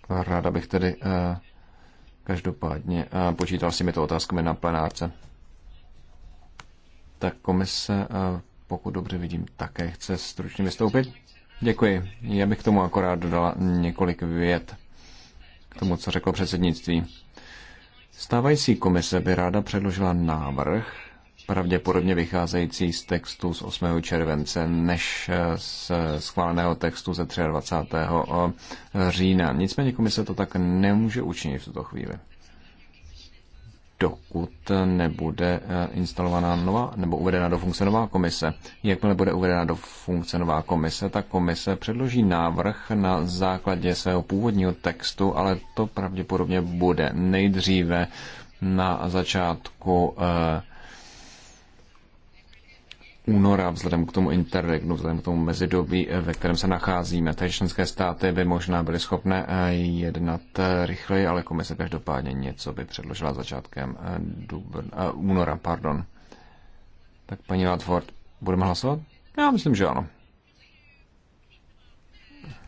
Ráda bych tedy každopádně počítal s těmito otázkami na plenárce. Tak komise pokud dobře vidím, také chce stručně vystoupit. Děkuji. Já bych k tomu akorát dodala několik vět k tomu, co řeklo předsednictví. Stávající komise by ráda předložila návrh, pravděpodobně vycházející z textu z 8. července, než z schváleného textu ze 23. října. Nicméně komise to tak nemůže učinit v tuto chvíli dokud nebude eh, instalovaná nová nebo uvedena do funkce nová komise. Jakmile bude uvedena do funkce nová komise, tak komise předloží návrh na základě svého původního textu, ale to pravděpodobně bude nejdříve na začátku eh, února, vzhledem k tomu interregnu, no, vzhledem k tomu mezidobí, eh, ve kterém se nacházíme. Takže členské státy by možná byly schopné eh, jednat eh, rychleji, ale komise každopádně něco by předložila začátkem dubr, uh, února. Pardon. Tak paní Radford, budeme hlasovat? Já myslím, že ano.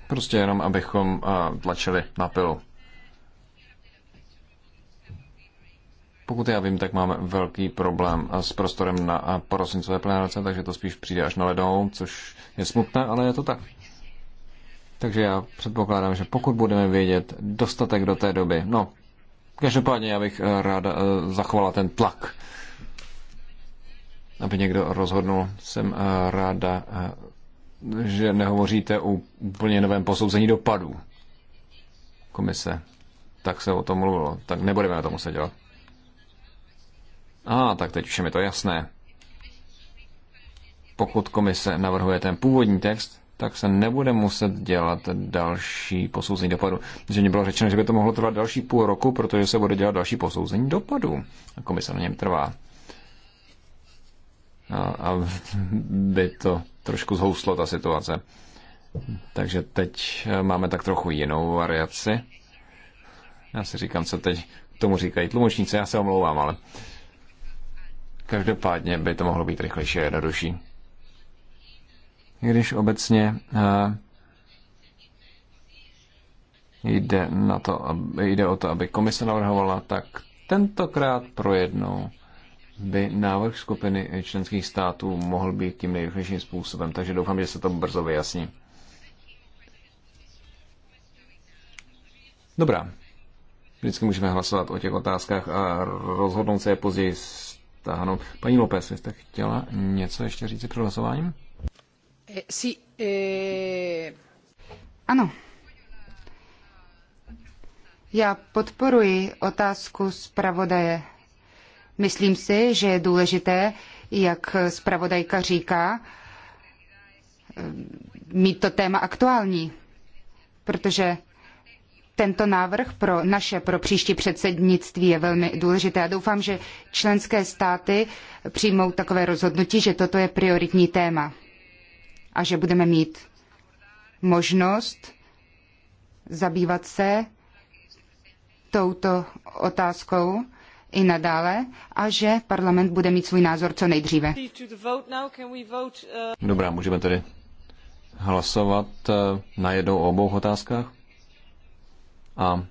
Prostě jenom, abychom uh, tlačili na pilu. Pokud já vím, tak máme velký problém s prostorem na prosincové plenárce, takže to spíš přijde až na ledou, což je smutné, ale je to tak. Takže já předpokládám, že pokud budeme vědět dostatek do té doby, no, každopádně já bych eh, ráda eh, zachovala ten tlak, aby někdo rozhodnul. Jsem eh, ráda, že nehovoříte o úplně novém posouzení dopadů komise. Tak se o tom mluvilo. Tak nebudeme na to muset dělat. A ah, tak teď už je mi to jasné. Pokud komise navrhuje ten původní text, tak se nebude muset dělat další posouzení dopadu. Že mě bylo řečeno, že by to mohlo trvat další půl roku, protože se bude dělat další posouzení dopadu. A komise na něm trvá. A, a by to trošku zhouslo ta situace. Takže teď eh, máme tak trochu jinou variaci. Já si říkám, co teď tomu říkají tlumočníci, já se omlouvám, ale uh, Každopádně by to mohlo být rychlejší a jednodušší. Když obecně eh, jde, na to, eh, jde o to, aby komise navrhovala, tak tentokrát pro jednou by návrh skupiny členských států mohl být tím nejrychlejším způsobem, takže doufám, že se to brzo vyjasní. Dobrá. Vždycky můžeme hlasovat o těch otázkách a rozhodnout se je později stáhnout. Paní López, jste chtěla něco ještě říct před hlasováním? Eh, sí, eh. Ano. Já podporuji otázku zpravodaje. Myslím si, že je důležité, jak zpravodajka říká, eh, mít to téma aktuální, protože tento návrh pro naše, pro příští předsednictví je velmi důležité a doufám, že členské státy přijmou takové rozhodnutí, že toto je prioritní téma a že budeme mít možnost zabývat se touto otázkou i nadále a že parlament bude mít svůj názor co nejdříve. Dobrá, můžeme tedy hlasovat eh, na jednou o obou otázkách? a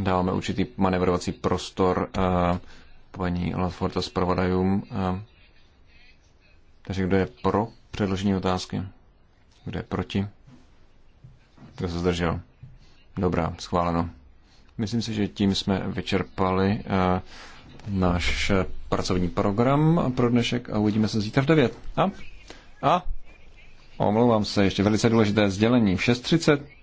dáváme určitý manevrovací prostor eh, paní Latford a zpravodajům. Eh, takže kdo je pro předložení otázky? Kdo je proti? Kdo se zdržel? Dobrá, schváleno. Myslím si, že tím jsme vyčerpali eh, náš pracovní program pro dnešek a uvidíme se zítra v 9. A? A? Omlouvám se, ještě velice důležité sdělení. V 6.30